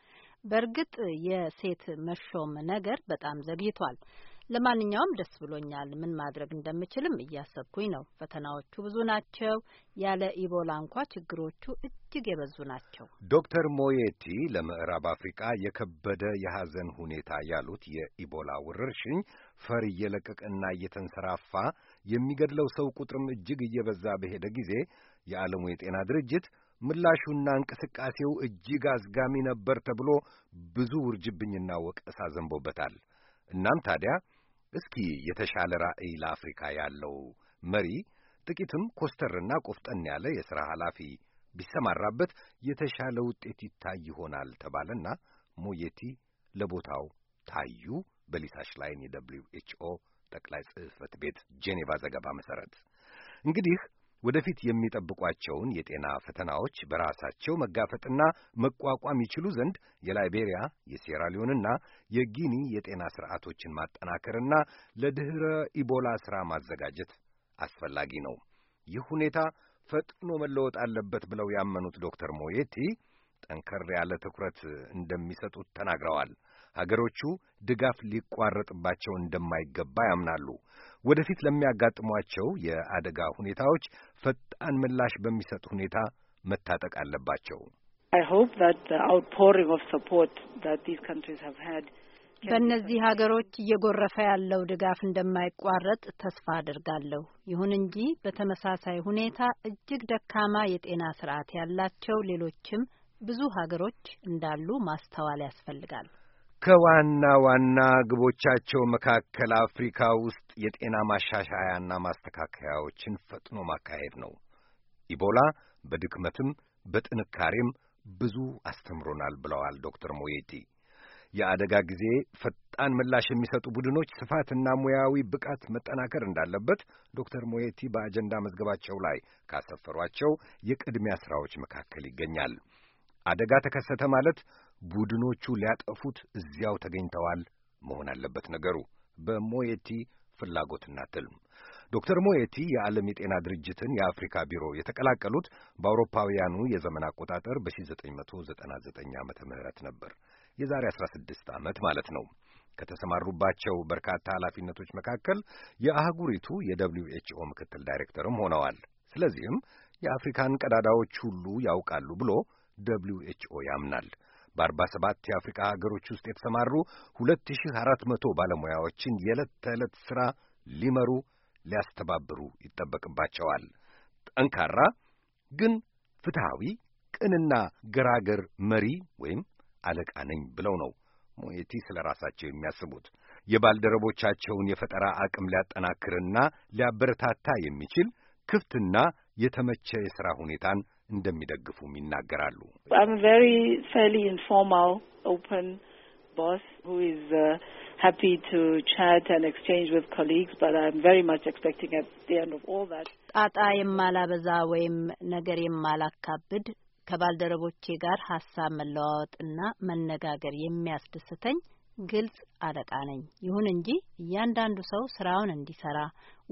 በእርግጥ የሴት መሾም ነገር በጣም ዘግይቷል። ለማንኛውም ደስ ብሎኛል። ምን ማድረግ እንደምችልም እያሰብኩኝ ነው። ፈተናዎቹ ብዙ ናቸው። ያለ ኢቦላ እንኳ ችግሮቹ እጅግ የበዙ ናቸው። ዶክተር ሞዬቲ ለምዕራብ አፍሪቃ የከበደ የሐዘን ሁኔታ ያሉት የኢቦላ ወረርሽኝ ፈር እየለቀቀና እየተንሰራፋ የሚገድለው ሰው ቁጥርም እጅግ እየበዛ በሄደ ጊዜ የዓለሙ የጤና ድርጅት ምላሹና እንቅስቃሴው እጅግ አዝጋሚ ነበር ተብሎ ብዙ ውርጅብኝና ወቀሳ ዘንቦበታል። እናም ታዲያ እስኪ የተሻለ ራዕይ ለአፍሪካ ያለው መሪ ጥቂትም ኮስተርና ቆፍጠን ያለ የሥራ ኃላፊ ቢሰማራበት የተሻለ ውጤት ይታይ ይሆናል ተባለና ሞየቲ ለቦታው ታዩ። በሊሳ ሽላይን የደብሊው ኤች ኦ ጠቅላይ ጽሕፈት ቤት ጄኔቫ ዘገባ መሠረት እንግዲህ ወደፊት የሚጠብቋቸውን የጤና ፈተናዎች በራሳቸው መጋፈጥና መቋቋም ይችሉ ዘንድ የላይቤሪያ የሴራሊዮንና የጊኒ የጤና ስርዓቶችን ማጠናከርና ለድኅረ ኢቦላ ሥራ ማዘጋጀት አስፈላጊ ነው። ይህ ሁኔታ ፈጥኖ መለወጥ አለበት ብለው ያመኑት ዶክተር ሞየቲ ጠንከር ያለ ትኩረት እንደሚሰጡት ተናግረዋል። ሀገሮቹ ድጋፍ ሊቋረጥባቸው እንደማይገባ ያምናሉ። ወደፊት ለሚያጋጥሟቸው የአደጋ ሁኔታዎች ፈጣን ምላሽ በሚሰጥ ሁኔታ መታጠቅ አለባቸው። በእነዚህ ሀገሮች እየጎረፈ ያለው ድጋፍ እንደማይቋረጥ ተስፋ አድርጋለሁ። ይሁን እንጂ በተመሳሳይ ሁኔታ እጅግ ደካማ የጤና ስርዓት ያላቸው ሌሎችም ብዙ ሀገሮች እንዳሉ ማስተዋል ያስፈልጋል። ከዋና ዋና ግቦቻቸው መካከል አፍሪካ ውስጥ የጤና ማሻሻያና ማስተካከያዎችን ፈጥኖ ማካሄድ ነው። ኢቦላ በድክመትም በጥንካሬም ብዙ አስተምሮናል ብለዋል ዶክተር ሞየቲ የአደጋ ጊዜ ፈጣን ምላሽ የሚሰጡ ቡድኖች ስፋትና ሙያዊ ብቃት መጠናከር እንዳለበት ዶክተር ሞየቲ በአጀንዳ መዝገባቸው ላይ ካሰፈሯቸው የቅድሚያ ስራዎች መካከል ይገኛል። አደጋ ተከሰተ ማለት ቡድኖቹ ሊያጠፉት እዚያው ተገኝተዋል መሆን አለበት ነገሩ በሞየቲ ፍላጎትና ትልም። ዶክተር ሞየቲ የዓለም የጤና ድርጅትን የአፍሪካ ቢሮ የተቀላቀሉት በአውሮፓውያኑ የዘመን አቆጣጠር በ1999 ዓ ም ነበር። የዛሬ 16 ዓመት ማለት ነው። ከተሰማሩባቸው በርካታ ኃላፊነቶች መካከል የአህጉሪቱ የደብሊው ኤችኦ ምክትል ዳይሬክተርም ሆነዋል። ስለዚህም የአፍሪካን ቀዳዳዎች ሁሉ ያውቃሉ ብሎ ደብሊው ኤችኦ ያምናል። በአርባ ሰባት የአፍሪካ ሀገሮች ውስጥ የተሰማሩ መቶ ባለሙያዎችን የዕለት ተዕለት ሥራ ሊመሩ ሊያስተባብሩ ይጠበቅባቸዋል። ጠንካራ ግን ፍትሐዊ፣ ቅንና ገራገር መሪ ወይም አለቃ ነኝ ብለው ነው ሞየቲ ስለ ራሳቸው የሚያስቡት። የባልደረቦቻቸውን የፈጠራ አቅም ሊያጠናክርና ሊያበረታታ የሚችል ክፍትና የተመቸ የሥራ ሁኔታን እንደሚደግፉም ይናገራሉ። uh, ጣጣ የማላበዛ ወይም ነገር የማላካብድ ከባልደረቦቼ ጋር ሀሳብ መለዋወጥና መነጋገር የሚያስደስተኝ ግልጽ አለቃ ነኝ። ይሁን እንጂ እያንዳንዱ ሰው ስራውን እንዲሰራ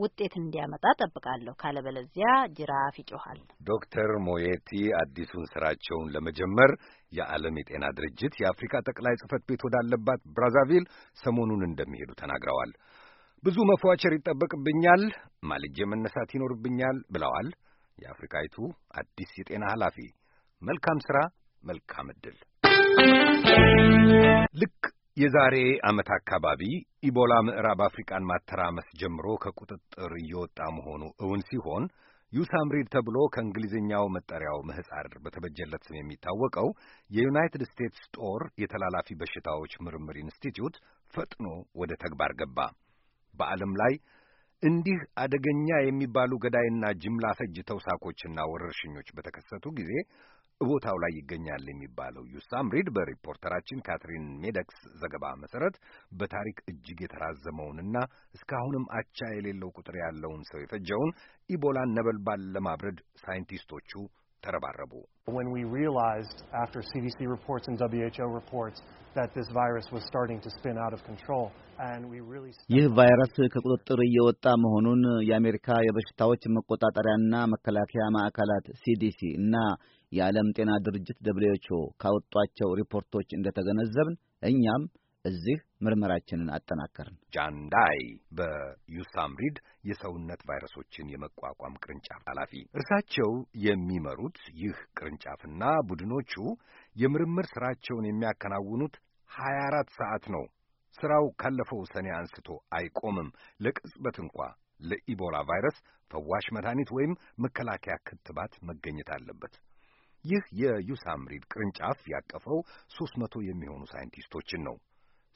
ውጤት እንዲያመጣ ጠብቃለሁ። ካለበለዚያ ጅራፍ ይጮኋል። ዶክተር ሞየቲ አዲሱን ስራቸውን ለመጀመር የዓለም የጤና ድርጅት የአፍሪካ ጠቅላይ ጽህፈት ቤት ወዳለባት ብራዛቪል ሰሞኑን እንደሚሄዱ ተናግረዋል። ብዙ መፏቸር ይጠበቅብኛል፣ ማልጄ መነሳት ይኖርብኛል ብለዋል የአፍሪካዊቱ አዲስ የጤና ኃላፊ። መልካም ስራ፣ መልካም እድል። ልክ የዛሬ ዓመት አካባቢ ኢቦላ ምዕራብ አፍሪቃን ማተራመስ ጀምሮ ከቁጥጥር እየወጣ መሆኑ እውን ሲሆን ዩሳምሪድ ተብሎ ከእንግሊዝኛው መጠሪያው ምህፃር በተበጀለት ስም የሚታወቀው የዩናይትድ ስቴትስ ጦር የተላላፊ በሽታዎች ምርምር ኢንስቲትዩት ፈጥኖ ወደ ተግባር ገባ። በዓለም ላይ እንዲህ አደገኛ የሚባሉ ገዳይና ጅምላ ፈጅ ተውሳኮችና ወረርሽኞች በተከሰቱ ጊዜ ቦታው ላይ ይገኛል የሚባለው ዩሳምሪድ በሪፖርተራችን ካትሪን ሜደክስ ዘገባ መሰረት በታሪክ እጅግ የተራዘመውንና እስካሁንም አቻ የሌለው ቁጥር ያለውን ሰው የፈጀውን ኢቦላን ነበልባል ለማብረድ ሳይንቲስቶቹ ተረባረቡ። ይህ ቫይረስ ከቁጥጥር እየወጣ መሆኑን የአሜሪካ የበሽታዎች መቆጣጠሪያና መከላከያ ማዕከላት ሲዲሲ እና የዓለም ጤና ድርጅት ደብሊውኤችኦ ካወጧቸው ሪፖርቶች እንደተገነዘብን እኛም እዚህ ምርመራችንን አጠናከርን። ጃንዳይ በዩሳምሪድ የሰውነት ቫይረሶችን የመቋቋም ቅርንጫፍ ኃላፊ፣ እርሳቸው የሚመሩት ይህ ቅርንጫፍና ቡድኖቹ የምርምር ስራቸውን የሚያከናውኑት 24 ሰዓት ነው። ስራው ካለፈው ሰኔ አንስቶ አይቆምም። ለቅጽበት እንኳ ለኢቦላ ቫይረስ ፈዋሽ መድኃኒት ወይም መከላከያ ክትባት መገኘት አለበት። ይህ የዩሳምሪድ ቅርንጫፍ ያቀፈው ሦስት መቶ የሚሆኑ ሳይንቲስቶችን ነው።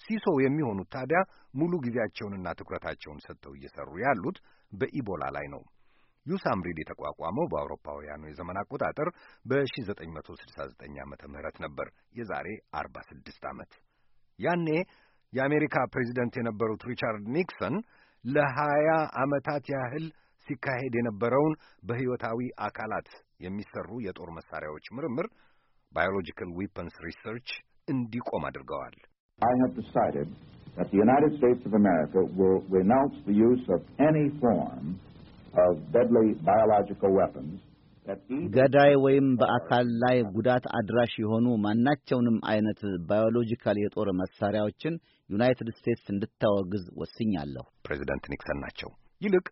ሲሶ የሚሆኑት ታዲያ ሙሉ ጊዜያቸውንና ትኩረታቸውን ሰጥተው እየሰሩ ያሉት በኢቦላ ላይ ነው። ዩሳምሪድ የተቋቋመው በአውሮፓውያኑ የዘመን አቆጣጠር በ1969 ዓመተ ምህረት ነበር። የዛሬ 46 ዓመት ያኔ የአሜሪካ ፕሬዚደንት የነበሩት ሪቻርድ ኒክሰን ለሀያ ዓመታት ያህል ሲካሄድ የነበረውን በሕይወታዊ አካላት የሚሰሩ የጦር መሳሪያዎች ምርምር ባዮሎጂካል ዊፐንስ ሪሰርች እንዲቆም አድርገዋል። ገዳይ ወይም በአካል ላይ ጉዳት አድራሽ የሆኑ ማናቸውንም አይነት ባዮሎጂካል የጦር መሳሪያዎችን ዩናይትድ ስቴትስ እንድታወግዝ ወስኛለሁ። ፕሬዚዳንት ኒክሰን ናቸው። ይልቅ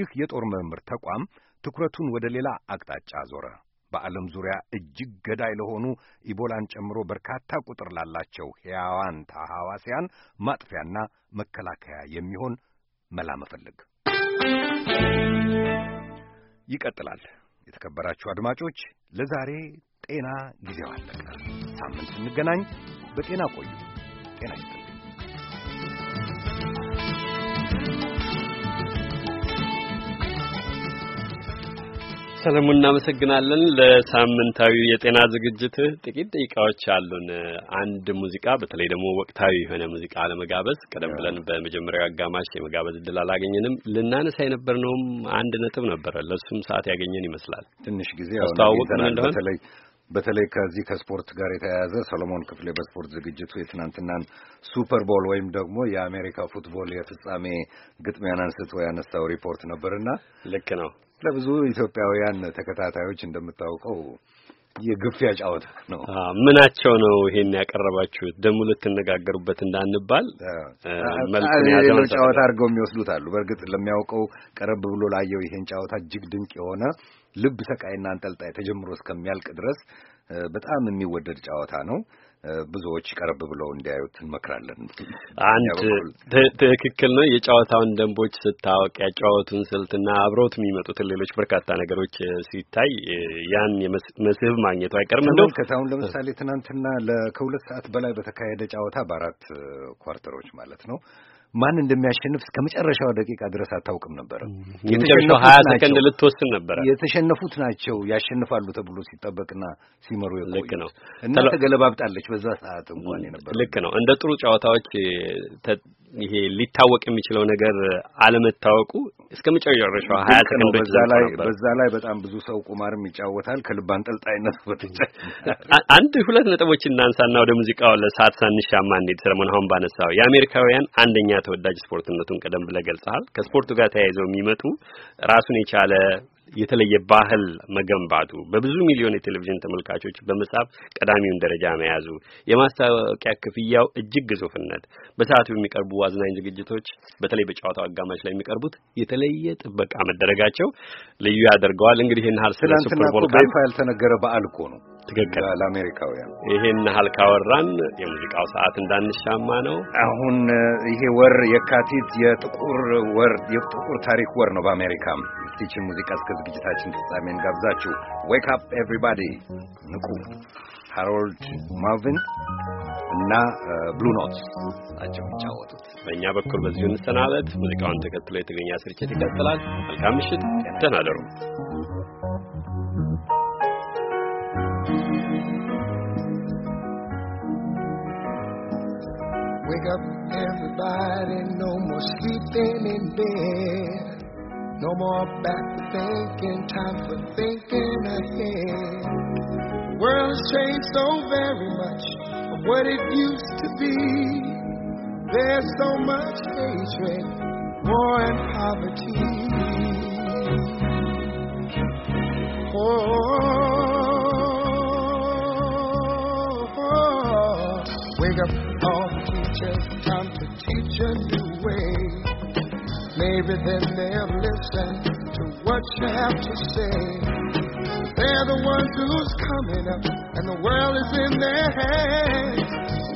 ይህ የጦር ምርምር ተቋም ትኩረቱን ወደ ሌላ አቅጣጫ ዞረ። በዓለም ዙሪያ እጅግ ገዳይ ለሆኑ ኢቦላን ጨምሮ በርካታ ቁጥር ላላቸው ሕያዋን ተሐዋስያን ማጥፊያና መከላከያ የሚሆን መላ መፈለግ ይቀጥላል። የተከበራችሁ አድማጮች፣ ለዛሬ ጤና ጊዜው አለቀ። ሳምንት እንገናኝ። በጤና ቆዩ። ጤና ይስጥ። ሰለሙን እናመሰግናለን። ለሳምንታዊ የጤና ዝግጅት ጥቂት ደቂቃዎች አሉን። አንድ ሙዚቃ በተለይ ደግሞ ወቅታዊ የሆነ ሙዚቃ ለመጋበዝ ቀደም ብለን በመጀመሪያው አጋማሽ የመጋበዝ እድል አላገኘንም። ልናነሳ የነበርነውም አንድ ነጥብ ነበረ። ለእሱም ሰዓት ያገኘን ይመስላል። ትንሽ ጊዜ አስተዋወቅ እንደሆነ በተለይ በተለይ ከዚህ ከስፖርት ጋር የተያያዘ ሰሎሞን ክፍሌ በስፖርት ዝግጅቱ የትናንትናን ሱፐር ቦል ወይም ደግሞ የአሜሪካ ፉትቦል የፍጻሜ ግጥሚያን አንስቶ ያነሳው ሪፖርት ነበርና ልክ ነው። ለብዙ ኢትዮጵያውያን ተከታታዮች እንደምታውቀው የግፊያ ጨዋታ ነው። ምናቸው ነው ይሄን ያቀረባችሁት? ደግሞ ልትነጋገሩበት እንዳንባል መልኩ ጨዋታ አድርገው የሚወስዱት አሉ። በእርግጥ ለሚያውቀው ቀረብ ብሎ ላየው ይሄን ጨዋታ እጅግ ድንቅ የሆነ ልብ ሰቃይና አንጠልጣይ ተጀምሮ እስከሚያልቅ ድረስ በጣም የሚወደድ ጨዋታ ነው። ብዙዎች ቀረብ ብለው እንዲያዩት እንመክራለን። አንድ ትክክል ነው። የጨዋታውን ደንቦች ስታወቅ ያጨዋወቱን ስልትና አብረውት የሚመጡትን ሌሎች በርካታ ነገሮች ሲታይ ያን መስህብ ማግኘቱ አይቀርም። እንደውም ለምሳሌ ትናንትና ከሁለት ሰዓት በላይ በተካሄደ ጨዋታ በአራት ኳርተሮች ማለት ነው ማን እንደሚያሸንፍ እስከ መጨረሻው ደቂቃ ድረስ አታውቅም ነበር። የተሸነፉ 20 ሰከንድ ልትወስን ነበር። የተሸነፉት ናቸው ያሸንፋሉ ተብሎ ሲጠበቅና ሲመሩ የቆዩት እና ተገለባብጣለች። በዛ ሰዓት እንኳን የነበረ ልክ ነው። እንደ ጥሩ ጨዋታዎች ይሄ ሊታወቅ የሚችለው ነገር አለመታወቁ እስከ መጨረሻው 20 ሰከንድ በዛ ላይ በዛ ላይ በጣም ብዙ ሰው ቁማርም ይጫወታል። ከልብ አንጠልጣይነት በተጨ አንድ ሁለት ነጥቦች እናንሳና ወደ ሙዚቃው ለሰዓት ሳንሻማ እንሂድ። ሰለሞን አሁን ባነሳው የአሜሪካውያን አንደኛ ተወዳጅ ስፖርትነቱን ቀደም ብለህ ገልጸሃል። ከስፖርቱ ጋር ተያይዘው የሚመጡ ራሱን የቻለ የተለየ ባህል መገንባቱ በብዙ ሚሊዮን የቴሌቪዥን ተመልካቾች በመሳብ ቀዳሚውን ደረጃ መያዙ፣ የማስታወቂያ ክፍያው እጅግ ግዙፍነት፣ በሰዓቱ የሚቀርቡ አዝናኝ ዝግጅቶች በተለይ በጨዋታው አጋማሽ ላይ የሚቀርቡት የተለየ ጥበቃ መደረጋቸው ልዩ ያደርገዋል። እንግዲህ ይህን ሀል ስለ ሱፐር ቦል ያልተነገረ በዓል እኮ ነው። ትክክል። ለአሜሪካውያን ይሄን ያህል ካወራን የሙዚቃው ሰዓት እንዳንሻማ ነው። አሁን ይሄ ወር የካቲት የጥቁር ወር የጥቁር ታሪክ ወር ነው በአሜሪካ። እስቲችን ሙዚቃ እስከ ዝግጅታችን ፍጻሜን ጋብዛችሁ ዌክ አፕ ኤቭሪባዲ ንቁ ሃሮልድ ማርቪን እና ብሉ ኖትስ ናቸው የሚጫወቱት። በእኛ በኩል በዚሁ እንሰናበት። ሙዚቃውን ተከትሎ የትግርኛ ስርጭት ይቀጥላል። መልካም ምሽት፣ ደህና ደሩ። Wake up, everybody, no more sleeping in bed. No more back thinking, time for thinking ahead. The world has changed so very much from what it used to be. There's so much hatred, war, and poverty. Oh, oh, oh. wake up, all teachers come to teach a new way. Maybe then they'll listen to what you have to say. They're the ones who's coming up, and the world is in their hands.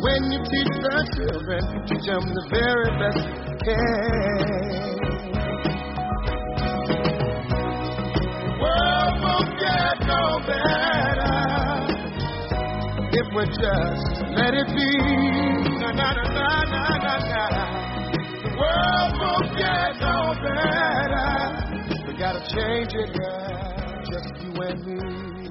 When you teach the children, teach them the very best you can. The world won't get no better if we just let it be. The world won't get no better. We gotta change it now, just you and me.